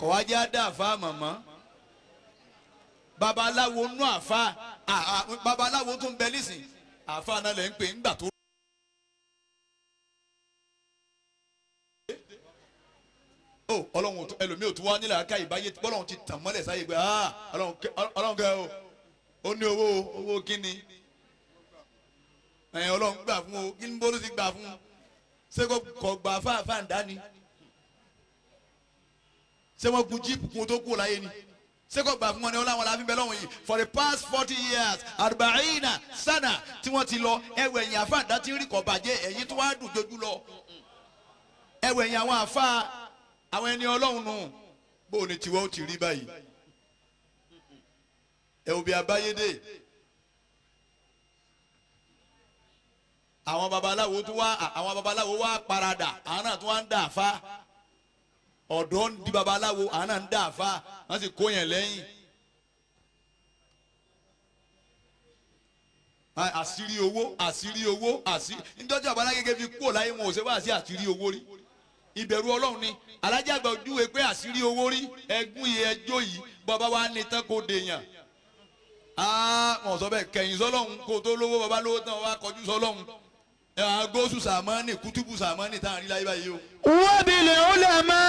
kọ̀wájà dà fáwọn mọ̀mọ́. babaláwo nú àfa babaláwo tún bẹ nísìn àfa náà lè ń pè ńgbà tó. o ọlọ́run ẹlòmíì ò wá nílẹ̀ aká ìbáyé bọ́lọ́run ti tàn mọ́lẹ̀ sáyé gbé ah ọlọ́run kẹ́ o ó ní owó owó kíni ẹ̀yìn ọlọ́run gbà fún o kí ni bó ti gbà fún ṣé kò kọ̀ gbà fáfáà dání ṣé wọ́n gun jíìpù kún tó kú láyé ni ṣé kò gbà fún wọn ni ọlọ́run la fi bẹ yìí for the past forty years arbaina sana tí wọ́n ti lọ ẹwẹ̀ ẹ̀yìn àfáà dá ti rí kọ̀ bàjẹ́ ẹ̀yìn tó wá dùn jojú lọ ẹwẹ̀ ẹ̀yìn àwọn àfáà àwọn ẹni ọlọ́run nù bó ni tiwọ́ ó ti rí báyìí ẹ ò bí abáyédè àwọn babaláwo tó wá àwọn babaláwo wá parada àwọn náà tó wá ń dà fa ọ̀dọ́ di babaláwo àwọn náà ń dà fa wọ́n sì kó yẹn lẹ́yìn. àṣírí owó àṣírí owó àṣírí nítorí àbálá gẹ́gẹ́ fi kúrò láyé wọn ò ṣe wá sí àṣírí owó rí ìbẹ̀rù ọlọ́run ni alájàgbà ojúwe pé àṣírí owó rí ẹgún yìí ẹjọ́ yìí bàbá wa ní tán kò dèèyàn wọn sọ bẹ́ẹ̀ kẹ̀yìn sọlọ́hún kó tó lówó bàbá lówó tán wá kọjú sọlọ́hún agosu samani kutubu samani tá à ń rí láyé báyìí o.
wabili ulama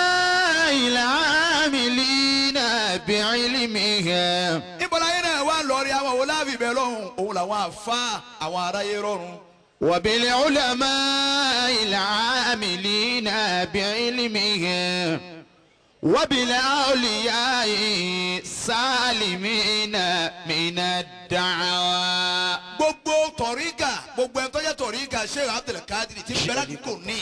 ilhamilina bi'ilmiha. ìbọ̀láyé náà wà lọ́ọ̀rì àwọn wòláàbí bẹ́ẹ̀ lọ́hùn òun làwọn àfa àwọn aráyé rọrùn.
وبالعلماء
العاملين بعلمهم وبالأولياء السالمين من الدعوى gbogbo ẹni tó jẹ́ torí ga sheikh abdulkadir ti bẹ́lá kí kò ní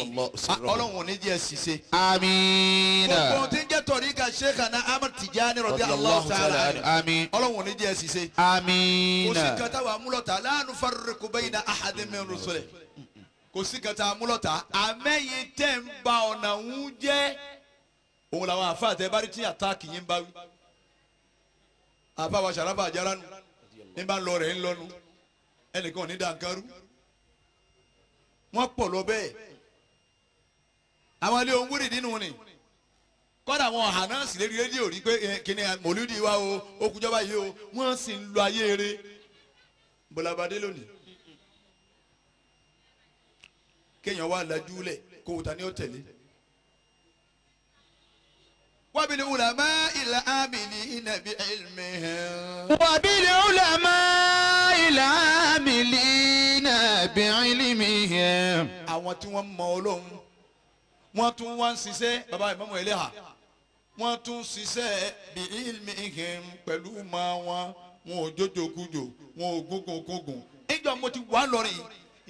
ọlọ́run ní jẹ́ ṣiṣẹ́. amiina. gbogbo tí ń jẹ́ torí ga sheikh ana amadu tijani radiyallahu ta'ala àmín ọlọ́run ní jẹ́ ṣiṣẹ́.
amiina. kò sí kata
wa múlọ̀tà la nufarriqu bayna ahadin min rusulihi kò sí kata múlọ̀tà àmẹ́yìn tẹ̀ ń ba ọ̀nà ń jẹ́ òun làwọn àfa àtẹ̀bárí tí àtàkì yín bá wí àfa wa sàràfà ní wọ́n pọ̀ lọ bẹ́ẹ̀ àwọn ilé ohun wúrì nínú ni kọ́dà àwọn ọ̀hà náà sì lérí rédíò rí pé eh, kíni eh, mòlúdi wa o okùnjọba yìí o wọ́n sì ń lo ayé eré bọ̀làbàdé lónìí kéèyàn wá lajú lẹ̀ kó o ta ni ó tẹ̀lé wabili ulama ila amili inabi ilmihim. wabili
ulama ila بعلمهم
àwọn tí wọ́n mọ Ọlọ́run wọ́n tún wá ń ṣiṣẹ́ baba Ìmáàmù Eleha wọ́n tún ṣiṣẹ́ بعلمهم pẹ̀lú ma wọn wọn ò jójòkújò wọn ò gógùnkógùn níjọ́ mo ti wà lọ́rìn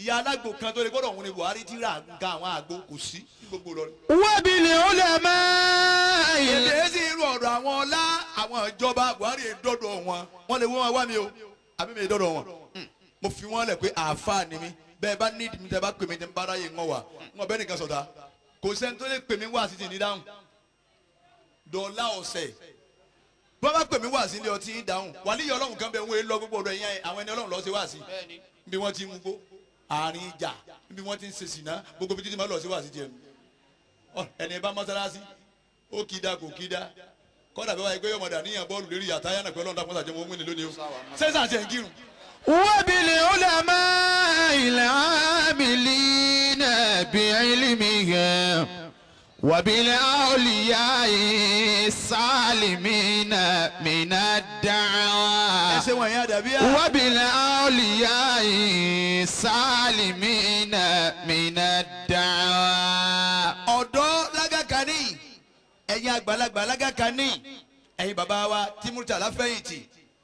ìyá alágbò kan tó lè gbọ́dọ̀ òun ni Buhari ti rà ga àwọn àgbo kò sí ní gbogbo lọ. wábí lè ó lè máa. èdè èsì irú ọ̀rọ̀ àwọn ọlá àwọn ìjọba Buhari èdòdò wọn wọn lè wọ́n wá mi o àbí mi èdòdò wọn mo fi wọ́n lẹ̀ pé àáfàá ni mí bẹ́ẹ̀ bá ní ìdí tẹ́ bá pè mí tẹ́ ń bára yé wọn wà ń ọbẹ̀ nìkan sọ̀tà kò sẹ́ni tó lè pè mí wá sí ti ní dáhùn dọ̀ọ́lá ọ̀sẹ̀ bọ́n bá pè mí wá sí ilé ọtí ń dáhùn wàlíyé ọlọ́run kan bẹ́ẹ̀ ń wé lọ gbogbo ọ̀dọ̀ ìyá àwọn ẹni ọlọ́run lọ́ọ́ ṣe wá sí bí wọ́n ti ń mugbó àárín ìjà bí wọ́n ti ń ṣe sìná gbogbo bí títí máa lọ́ọ́ ṣe wá sí tiẹ̀ ẹni bá mọ́sálásí ó kì kò kì kọ́dà bí wọ́n yẹ pé yọmọdà níyàn bọ́ọ̀lù lérí àtayánà pẹ̀lú ọ̀dà pọ́sàjẹ́ mọ́ wíni lónìí o sẹ́sà
ṣe ń kírun وبالعلماء العاملين بعلمهم وبالأولياء
الصالمين من الدعوة وبالأولياء الصالمين من الدعوة أدو lágàkà ni ẹ̀yin àgbàlagbà lágàkà ni ẹ̀yin bàbá wa tí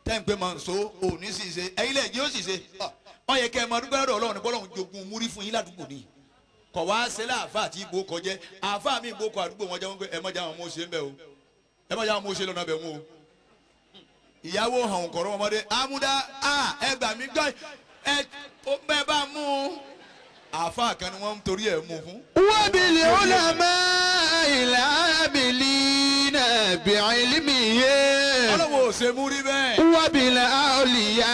tẹ́ǹpé mọ̀ nso òní sì ṣe ẹ̀yin lẹ́yìn yóò sì ṣe ọ yẹ kẹ́ ẹ mọ dúpẹ́ lọ́dọ̀ ọlọ́run nípa ọlọ́run jogun múrí fún yín ládùúgbò ni kọ̀ wá ṣe láàfà àti ìbò kọjẹ́ àfà mi ìbò kọ àdúgbò wọn jẹ́ pé ẹ mọ̀jà àwọn ọmọ òṣèlú bẹ́ẹ̀ o ẹ mọ̀jà àwọn ọmọ òṣèlú lọ́nà bẹ́ẹ̀ wọn o ìyàwó hàn kọ̀rọ̀ ọmọdé amúdá a ẹ gbà mí gbọ́ ẹ bẹ́ẹ̀ bá mú un àfà kan ni wọ́n torí ẹ̀ mú fún. wọ́n bìlì ó lè máa ìlà
bìlì
náà bí ilmi yé. ọlọ́wọ́ ò ṣe mú rí bẹ́ẹ̀. wábìlà àlìyá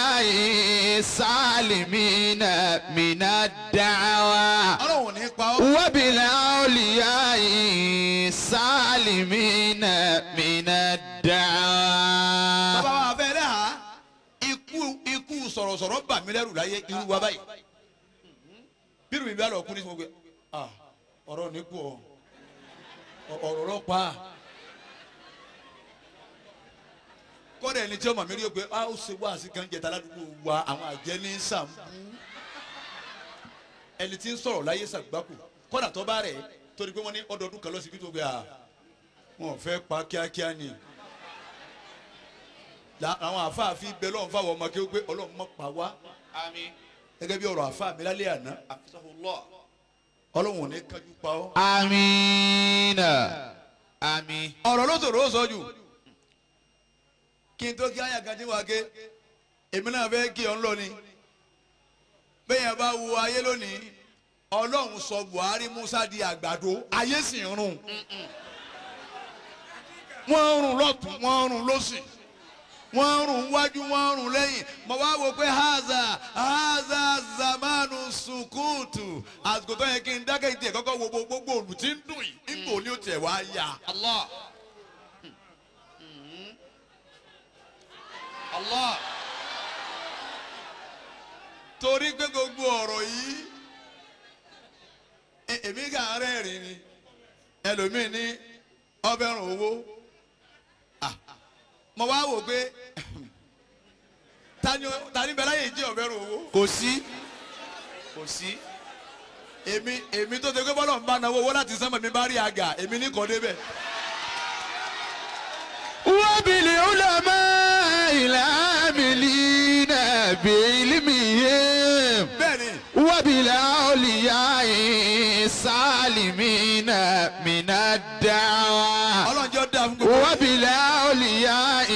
sálìmí náà mìíràn dáwà. ọlọ́wọ́ ní pa ọ́. wábìlà àlìyá sálìmí náà mìíràn dáwà. bàbá wa fẹ́ dà ikú ikú sọ̀rọ̀sọ̀rọ̀ bà mí lẹ́rù láyé irú wa báyìí. bí rùmí bí a lọ kú ní sọ́gbẹ́ ah, ọ̀rọ̀ ní kú ọ̀rọ̀ lọ́pàá. kọ́dà ẹni tí ọmọ mi rí o pé a ah, ó ṣe wá sí kan jẹta ládùúgbò wa àwọn àjẹ ní sàmú ẹni tí ń sọ̀rọ̀ láyé sàgbákò kọ́dà tó bá rẹ̀ torí pé wọ́n ní ọdọọdún kan lọ́sibítù gbé a ah, wọn fẹ́ pa kíákíá ni àwọn àfáàfin bẹ lọ́n fáwọn ọmọ kí ó gbé ọlọ́run mọ́ pa wá gẹ́gẹ́ bí ọ̀rọ̀ àfa mi lálẹ́ àná. ọlọ́run ò ní kájú pa ọ́. amiina ami. ọ̀rọ̀ ló sọ̀rọ̀ ó sọ kí n tó kí àyà kan tí wàá ké èmi náà fẹ́ kí ọ ń lọ ni bẹ́yẹn bá wo ayé lónìí ọlọ́run sọ Buhari Musa di àgbàdo ayé sì ń rùn wọ́n ń rùn lọ́tún wọ́n ń rùn lọ́sìn wọ́n ń rùn wájú wọ́n ń rùn lẹ́yìn mo wá wo pé haza haza zamanu sukutu àsìkò tó yẹ kí n dákẹ́ ìdí ẹ̀ kọ́kọ́ wo gbogbo òlù ń dùn yìí nígbò ní ó tiẹ̀ wá yà. Allah. Allah torí pé gbogbo ọ̀rọ̀ yìí e, èmi kà ń rẹ́rìn ni ẹlòmíì ní ọbẹ̀ ràn owó mo wá wò pé tani bẹ́ẹ̀ láyè jẹ́ ọbẹ̀ ràn owó. kò sí kò sí èmi tó ṣe pé bọ́lọ̀ ń bá náwó owó láti sánmọ̀ mi bá rí àgà èmi ní kọ́ débẹ̀.
وبالعلماء العاملين بعلمهم وبالأولياء
السالمين من الدعوة وبالأولياء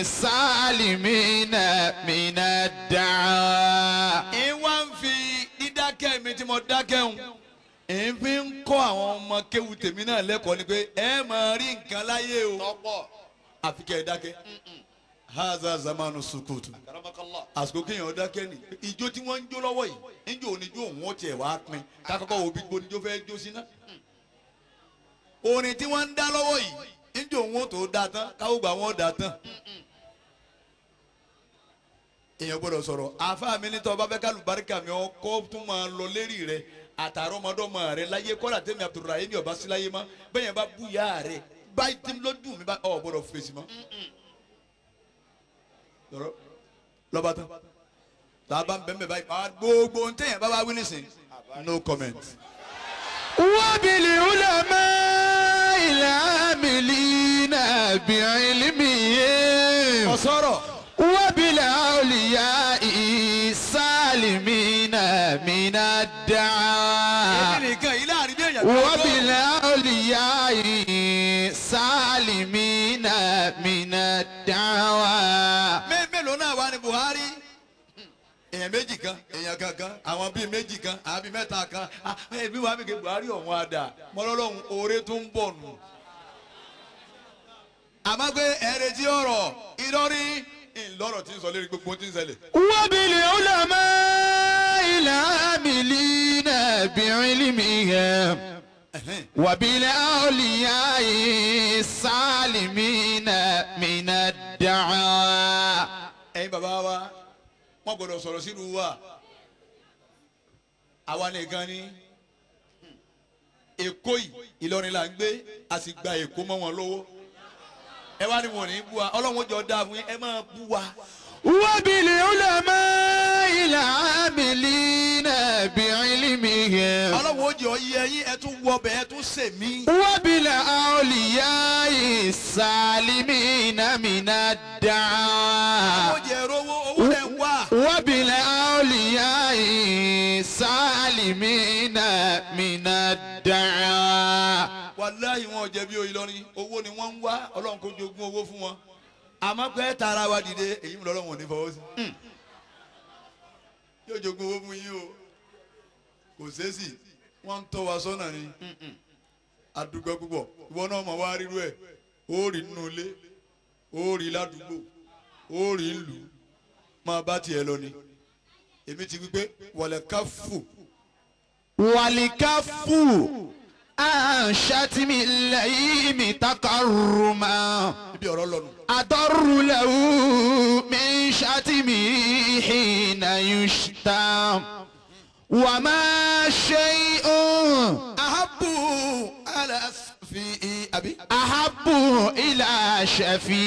السالمين من الدعوة. ìwà ń fi dídákẹ́ mi tí mo dákẹ́ ń èéfín ń kọ́ àwọn ọmọ kéwu tèmi náà lẹ́kọ̀ọ́ ni pé ẹ máa rí nǹkan láyé o àfi kẹ́ haza zamanu sukutu àsìkò kéèyàn dákẹ́ ni ìjó tí wọ́n ń jó lọ́wọ́ yìí níjó oníjó òun ó tiẹ̀ wá pin kákọ́kọ́ òbí gbóníjó fẹ́ jó síná orin tí wọ́n ń dá lọ́wọ́ yìí níjó òun ó tó da tán káwọ́ gbà wọ́n da tán èèyàn gbọ́dọ̀ sọ̀rọ̀ àfa mi ní tọ́ bá fẹ́ ká lùbáríkà mi ọ kọ́ tún máa lọ lérí rẹ àtàrọ́mọdọ́mọ rẹ láyé kọ́lá tẹ́mi àtúrà yé ní ọ̀bá síláyé má bẹ́ẹ̀ yẹn bá búyà rẹ báyìí tí ló dùn mí báyìí ọ̀ gbọ́dọ̀ fèsì mọ́ lọ́rọ́ lọ́ba tán tàbá ń bẹ́ẹ̀ báyìí pàá gbogbo ń tẹ̀yìn bàbá wí nísìn no comment.
wábìlì ulama ilẹ̀ amìlì náà bìrìn ilmi yé. ọ̀sọ́rọ̀. wábìlì
awliya ìsàlìmínà mínà dáa. èmi nìkan ilé àrídé ìyàtọ̀. wábìlì awliya ìsàlìmínà muslimina mina da'wa. mélòó náà wà ní Buhari èèyàn méjì kan èèyàn kankan àwọn bíi méjì kan àbí mẹ́ta kan ẹbí wa mi kì Buhari ọ̀hún àdá mọ́lọ́lọ́hún oore tó ń bọ̀ nù. àmọ́ pé ẹ̀rẹ̀jì ọ̀rọ̀ ìdọ́rí ìlọ́rọ̀ tí ń sọ lérí gbogbo tí ń ṣẹlẹ̀. wọ́n bí lè ó lè máa ilà ámìlì náà bí ilmi yẹn wàbílẹ̀ ọ̀lìyá ìsàlìmínà mínà dàá. ẹ̀yin bàbá wa wọ́n gbọ́dọ̀ sọ̀rọ̀ sílùú wa àwa nìkan ni èkó yìí Ìlọrin là ń gbé a sì gba èkó mọ́ wọn lọ́wọ́ ẹ wá ní wọn ní bú wa Ọlọ́run ó jọ dáa fún yín ẹ máa bú wa.
وبالعلماء العاملين بعلمهم
ọlọ́wọ́ ó jẹ́ ọyẹ ẹyin ẹ tún wọ ọbẹ̀ ẹ tún sè mí. وبالأولياء السالمين من الدعاء. ọlọ́wọ́ ó jẹ́ rówó owó rẹ̀ wá. وبالأولياء السالمين من الدعاء. wàláhì wọn ò jẹ̀bi Ìlọrin owó ni wọ́n ń wá Ọlọ́run kó jogún owó fún wọn àmọ́ pé tara wa dìde èyí mi lọ́lọ́wọ́n ní fọwọ́ sí hmm. yóò jogún owó fún yín o kò sẹ́sì wọ́n ń tọ́ wa sọ́nà ni hmm, hmm. adúgbò púpọ̀ ìwọ náà mọ̀ wá rírú ẹ̀ ó rí nínú ilé ó rí ládùúgbò ó rí ìlú máa bá tiẹ̀ lọ ni èmi ti wí pé káfù. wàlẹ̀ káfù anṣatimi lẹ́yìn mi takaruma. ibi ọ̀rọ̀ lọ́nu. atọ́rùlẹ̀wù mi ṣàtìmí hìnà yushta. wà má ṣe
ń.
ahabu alafi abi. ahabu ila ṣẹfi.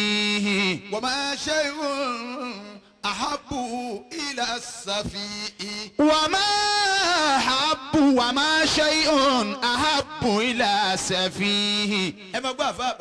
wà má ṣe ń. أحب إلى السفيء وما أحب وما شيء أحب إلى سفيه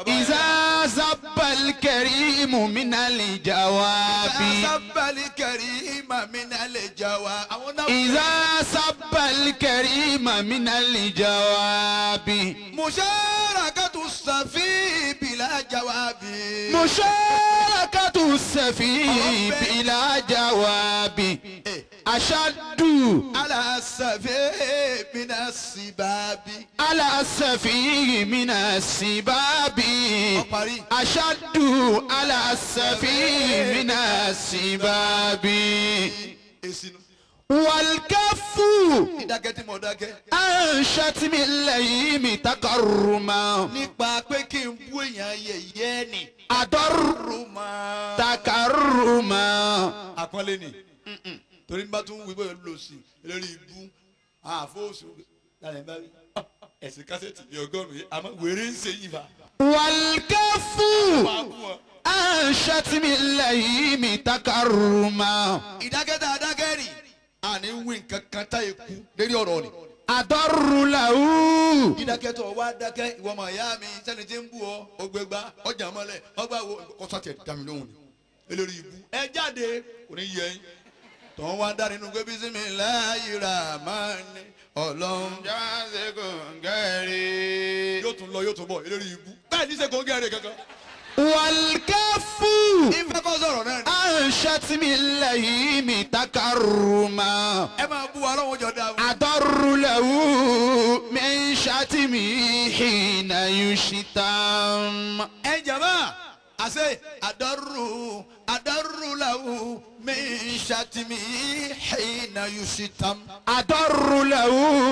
إذا زب الكريم من الجواب إذا زب الكريم من الجواب إذا زب الكريم من الجواب مشاركة السفيه بلا جوابي مشاركة السفيه بلا جوابي أشد على السفيه من السباب على السفيه من السباب أشد على السفيه من السباب
wàlkẹ́fù.
ìdákẹ́ tí mo dákẹ́. à ń ṣàtìmí lẹ́yìn mi takaruma. nípa pé kí n bú èèyàn yẹ̀yẹ́ ni. àdọ́rùmá. takaruma. àkọlé ni torí bá tún wí bóyá lò sí lórí ibú àfọwọ́sọ lálẹ́ bá rí ẹ̀sìn kásẹ̀tì bíi ọgọ́rùn-ún àmọ́ wèrè ń ṣe yìí bá.
wàlkẹ́fù
à ń ṣàtìmí lẹ́yìn mi takaruma. ìdákẹ́ tá a dákẹ́ ní wí nǹkan kan tá ikú lérí ọ̀rọ̀ ni.
àtọ́rùláwù.
dídákẹ́tọ̀ wá dákẹ́ ìwọ ọmọ ìyá mi sẹ́ni tí ń bù ọ ọgbẹ́gbá ọjà mọ́lẹ̀ ọgbà wo kọ́sàtì dàmí lóhùn ni eléré ibu ẹ jáde kò ní yẹ yín tó ń wá dá nínú pé bisimilayi ramani ọlọ́run. jáde kò ń gẹ̀rẹ́. yóò tún lọ yóò tún bọ̀ eléré ibu bẹ́ẹ̀ ní sẹ́kọ̀ọ́ gẹ̀rẹ́ kankan wàlkẹ́fù. ìfẹ́ kọ́ sọ̀rọ̀ náà ni. anṣatimilayi mi takaruma. ẹ máa bu aláwọ̀ jọ dáa. àtọrùlẹ̀wù mi ń ṣàtìmí hìnà yushita. ẹ jàmbá àṣẹ àdọ́rù adarulawu min shatimi hina yushitam.
adarulawu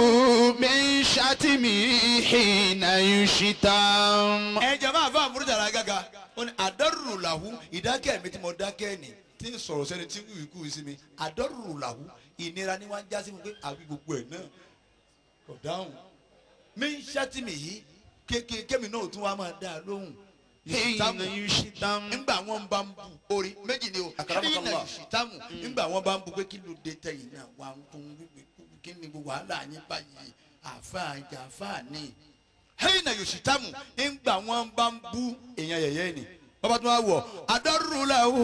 min shatimi hina yushitam. ẹ jama fún àmúrúdàrà gàgà ó ní adarulawu ìdákẹ́ mi tí mo dákẹ́ ni tí n sọ̀rọ̀ sẹ́ni tí n kú sí mi adarulawu ìnira ni wọ́n á já sí mi pé àbí gbogbo ẹ̀ náà kò dáhùn min shatimi yìí kékeré kémi náà tún wá máa dá a lóhùn yusitamu ngba wọn bá ń bu orí méjì ni o hina yusitamu ngba wọn bá ń bu pé kí ló dé tẹ̀yìn náà wà ń tún kí ni wàhálà yín báyìí àfáà jà àfáà ni hina yusitamu ngba wọn bá ń bu èèyàn yẹ̀yẹ́ ni ọba tó wá wọ adarulawu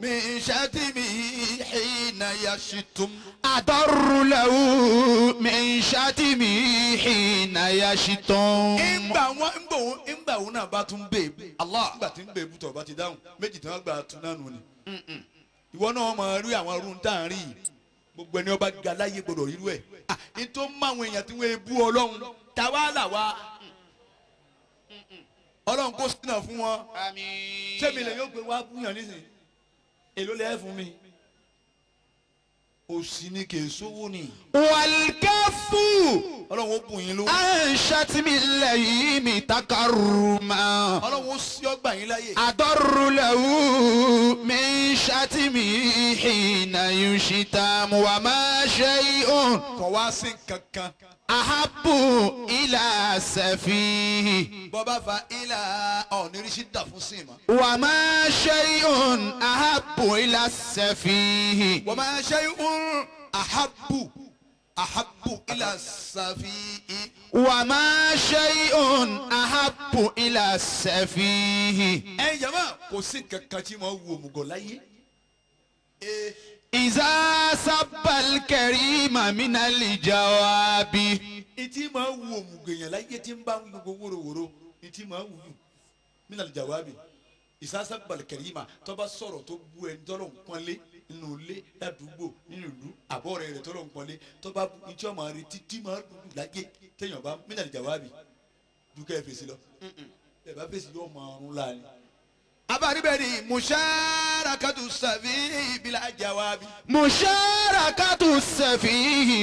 mi ṣati mi hina yasitum. adarulawu mi ṣati mi hina yasitum. ìgbà wọn ìgbà wọn ìgbà wọn náà bá tún bè é Allah ìgbà tí ń bè é bùtọ̀ bá ti dáhùn méjì tí wọ́n gbà tún náà nù ni. ìwọ náà máa rí àwọn arúgbó tá à rí gbogbo ẹni ọba galáyé gbọdọ̀ rírú ẹ̀. Ah, nítorí máwọn èèyàn tí wọ́n ebú ọlọ́run táwa là ọlọ́run kó ṣínà fún wọn sẹ́mi lè yóò gbé wá búyàn nísìnyí èló lẹ́ẹ̀ fún mi òsì ni kì í sówó ni. wàlkẹ́fù. ọlọ́run ó bùn yín lówó. à ń ṣàtìmí ilẹ̀ yìí mi takaruma. ọlọ́run ó sí ọgbà yín láyè. àdọ́rùlẹ̀wù mi ń ṣàtìmí ìhìnà yìí ṣìtàmù wà máa ṣe ìhùn. kọ̀ wá sí kankan ahabu ila sẹfi. bọ́bá fa ilà ọ̀nìrìsí dà fún sí ma. wà á máa ṣe ìhùn ahabu ila sẹfi. wà á máa ṣe ìhùn ahabu ahabu ila sẹfi. wà á ṣe ìhùn ahabu ila sẹfi. ẹ jama kò sí kankan tí mo wù ọ́ mọ̀gọ́ láyé. Eh, ìzá sábàl kẹrí màmínà lè jà wá bí. etí máa wù òmùgèyàn láyé tí ń bá ń gbogbo wóróworó etí máa wù yù mínà lè jà wá bí. ìzá sábàl kẹrí mà tọ́ba sọ̀rọ̀ tó bu ẹni tọ́lọ̀ ń pọ́nlé nínú ilé ládùúgbò nínú ìlú àbọ̀ rẹ̀ rẹ̀ tọ́lọ̀ ń pọ́nlé tọ́ba ìtí ọmọ rẹ̀ títí máa dùdù láyé téèyàn bá mínà lè jà wá bí. dúkẹ́ fèsì lọ bẹ́ẹ̀ bá fèsì yóò àbá níbẹ̀ ni musharakatu safi bila jawabi. musharakatu safi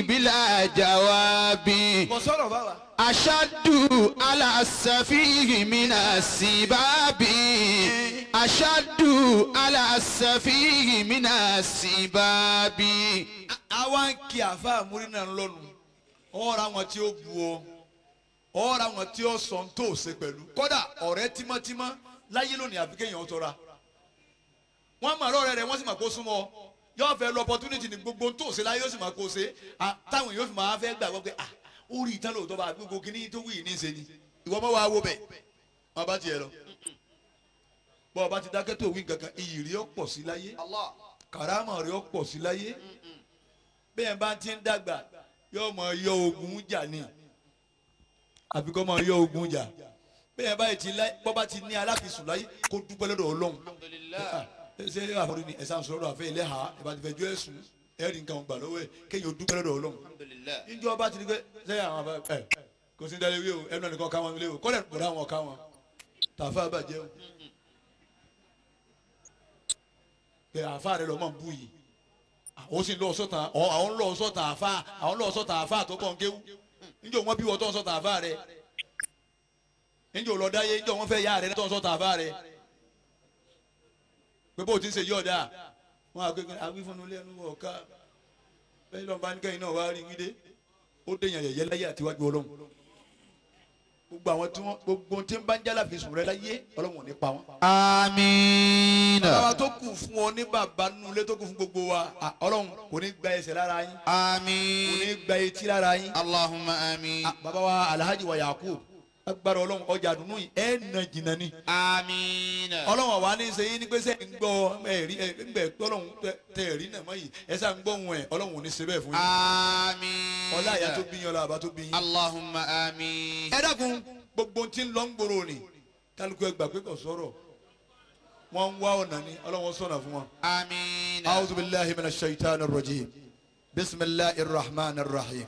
bila jawabi. kò sọ̀rọ̀ bá wa. ashaddu ala safi mina sibabi. ashaddu ala safi mina sibabi. àwa ń kí àfa àmúrínà lọ́nu ọ̀rọ̀ àwọn tí ó bu ọ ọ̀rọ̀ àwọn tí ó sọ ń tó ṣe pẹ̀lú kódà ọ̀rẹ́ tímọ́tímọ́ láyé lónìí àfi kéèyàn ṣọ́ra wọ́n mọ̀ ọ̀rọ̀ rẹ wọ́n sì mọ̀ kó súnmọ́ yóò fẹ́ lọ opportunity ni gbogbo tó ṣe láyé yóò sì mọ̀ kó ṣe táwọn yóò fi máa fẹ́ gbàgbọ́ pé ah ó rí ìtàn lóòótọ́ bá gbogbo kíní tó wù yìí ní í ṣe ni ìwọ mọ́ wàá wo bẹ̀ má bá tiẹ̀ lọ bọ́ ọ ti dákẹ́ tó wí gangan iyì rí ọ pọ̀ sí láyé kàrámà rí ọ pọ̀ sí láyé mm, mm. bẹ́ẹ̀ bá ti ń dàgbà yóò mọ̀ yọ ogun jà ni àfikọ́ mọ̀ yọ ogun jà bẹ́ẹ̀ báyìí ti láyé bọ́ bá ti ní aláfisùn láyé kó dúpẹ́ lọ́dọ̀ ọlọ́run ah, ṣe àforí ni ẹ̀sán sọ̀rọ̀ àfẹ́ ilé ha ìbá ti fẹ́ ju ẹ̀sùn ẹ̀rí nǹkan gbà lọ́wọ́ ẹ̀ kéèyàn dúpẹ́ lọ́dọ̀ ọlọ́run níjọ́ bá ti ní pé ṣe àwọn afẹ́ ẹ̀ kò sí dalẹ̀ wí o ẹnu náà nìkan ká wọn lé o kọ́lẹ̀ gbọ́dọ̀ àwọn ọ̀ká wọn tàfà bàjẹ́ o pé àfà rẹ níjẹ́ ò lọ dáyé níjẹ́ wọ́n fẹ́ yá rẹ̀ tọ́sọ́ tàbá rẹ̀ pé bó ti ń ṣe yí ọ̀dà wọn àgbẹ̀ àwífúnnu lẹ́nu ọ̀ká bẹ́ẹ̀ lọ́nba ní kẹ́yìn náà wá rí wídé ó dèèyàn yẹ̀yẹ́ láyé àtiwájú ọlọ́run gbogbo àwọn tí wọn gbogbo tí ń bá ń jálà fi sùn rẹ láyé ọlọ́run ò ní pa wọn.
amiina. bàbá tó
kù fún ọ ní bàbá nínú ilé tó kù fún gbogbo wa ọlọ́run kò ní gba ẹsẹ̀ lára yín. amiin. kò ní gba etí lára yín. alahuma amiin. bàbá wa alhaji wa yakub agbára ọlọ́run ọjà dùnú yìí ẹ̀ nà jìnnà ni.
amiina. ọlọ́run wa
ní sẹ́yìn ní pẹ́sẹ́ ń gbọ́ ẹ̀rí ẹ̀gbẹ́ tọ́lọ́run tẹ ẹ̀rí náà mọ́yì ẹ̀sà ń gbọ́hùn ẹ̀ ọlọ́run ò ní sebẹ̀ fún yín. amiina. ọlá àyà tó bí yín ọlá àbá tó bí yín. Allahumma amiin. ẹ dákun gbogbo tí ń lọ ń gbòòrò ni kálukú ẹ gbà pé kò sọ̀rọ̀ wọ́n ń wá ọ̀nà ni ọlọ́run sọ̀nà fún wọn. amiina. a'udhu billahi minash shaitanir rajim bismillahir rahmanir rahim.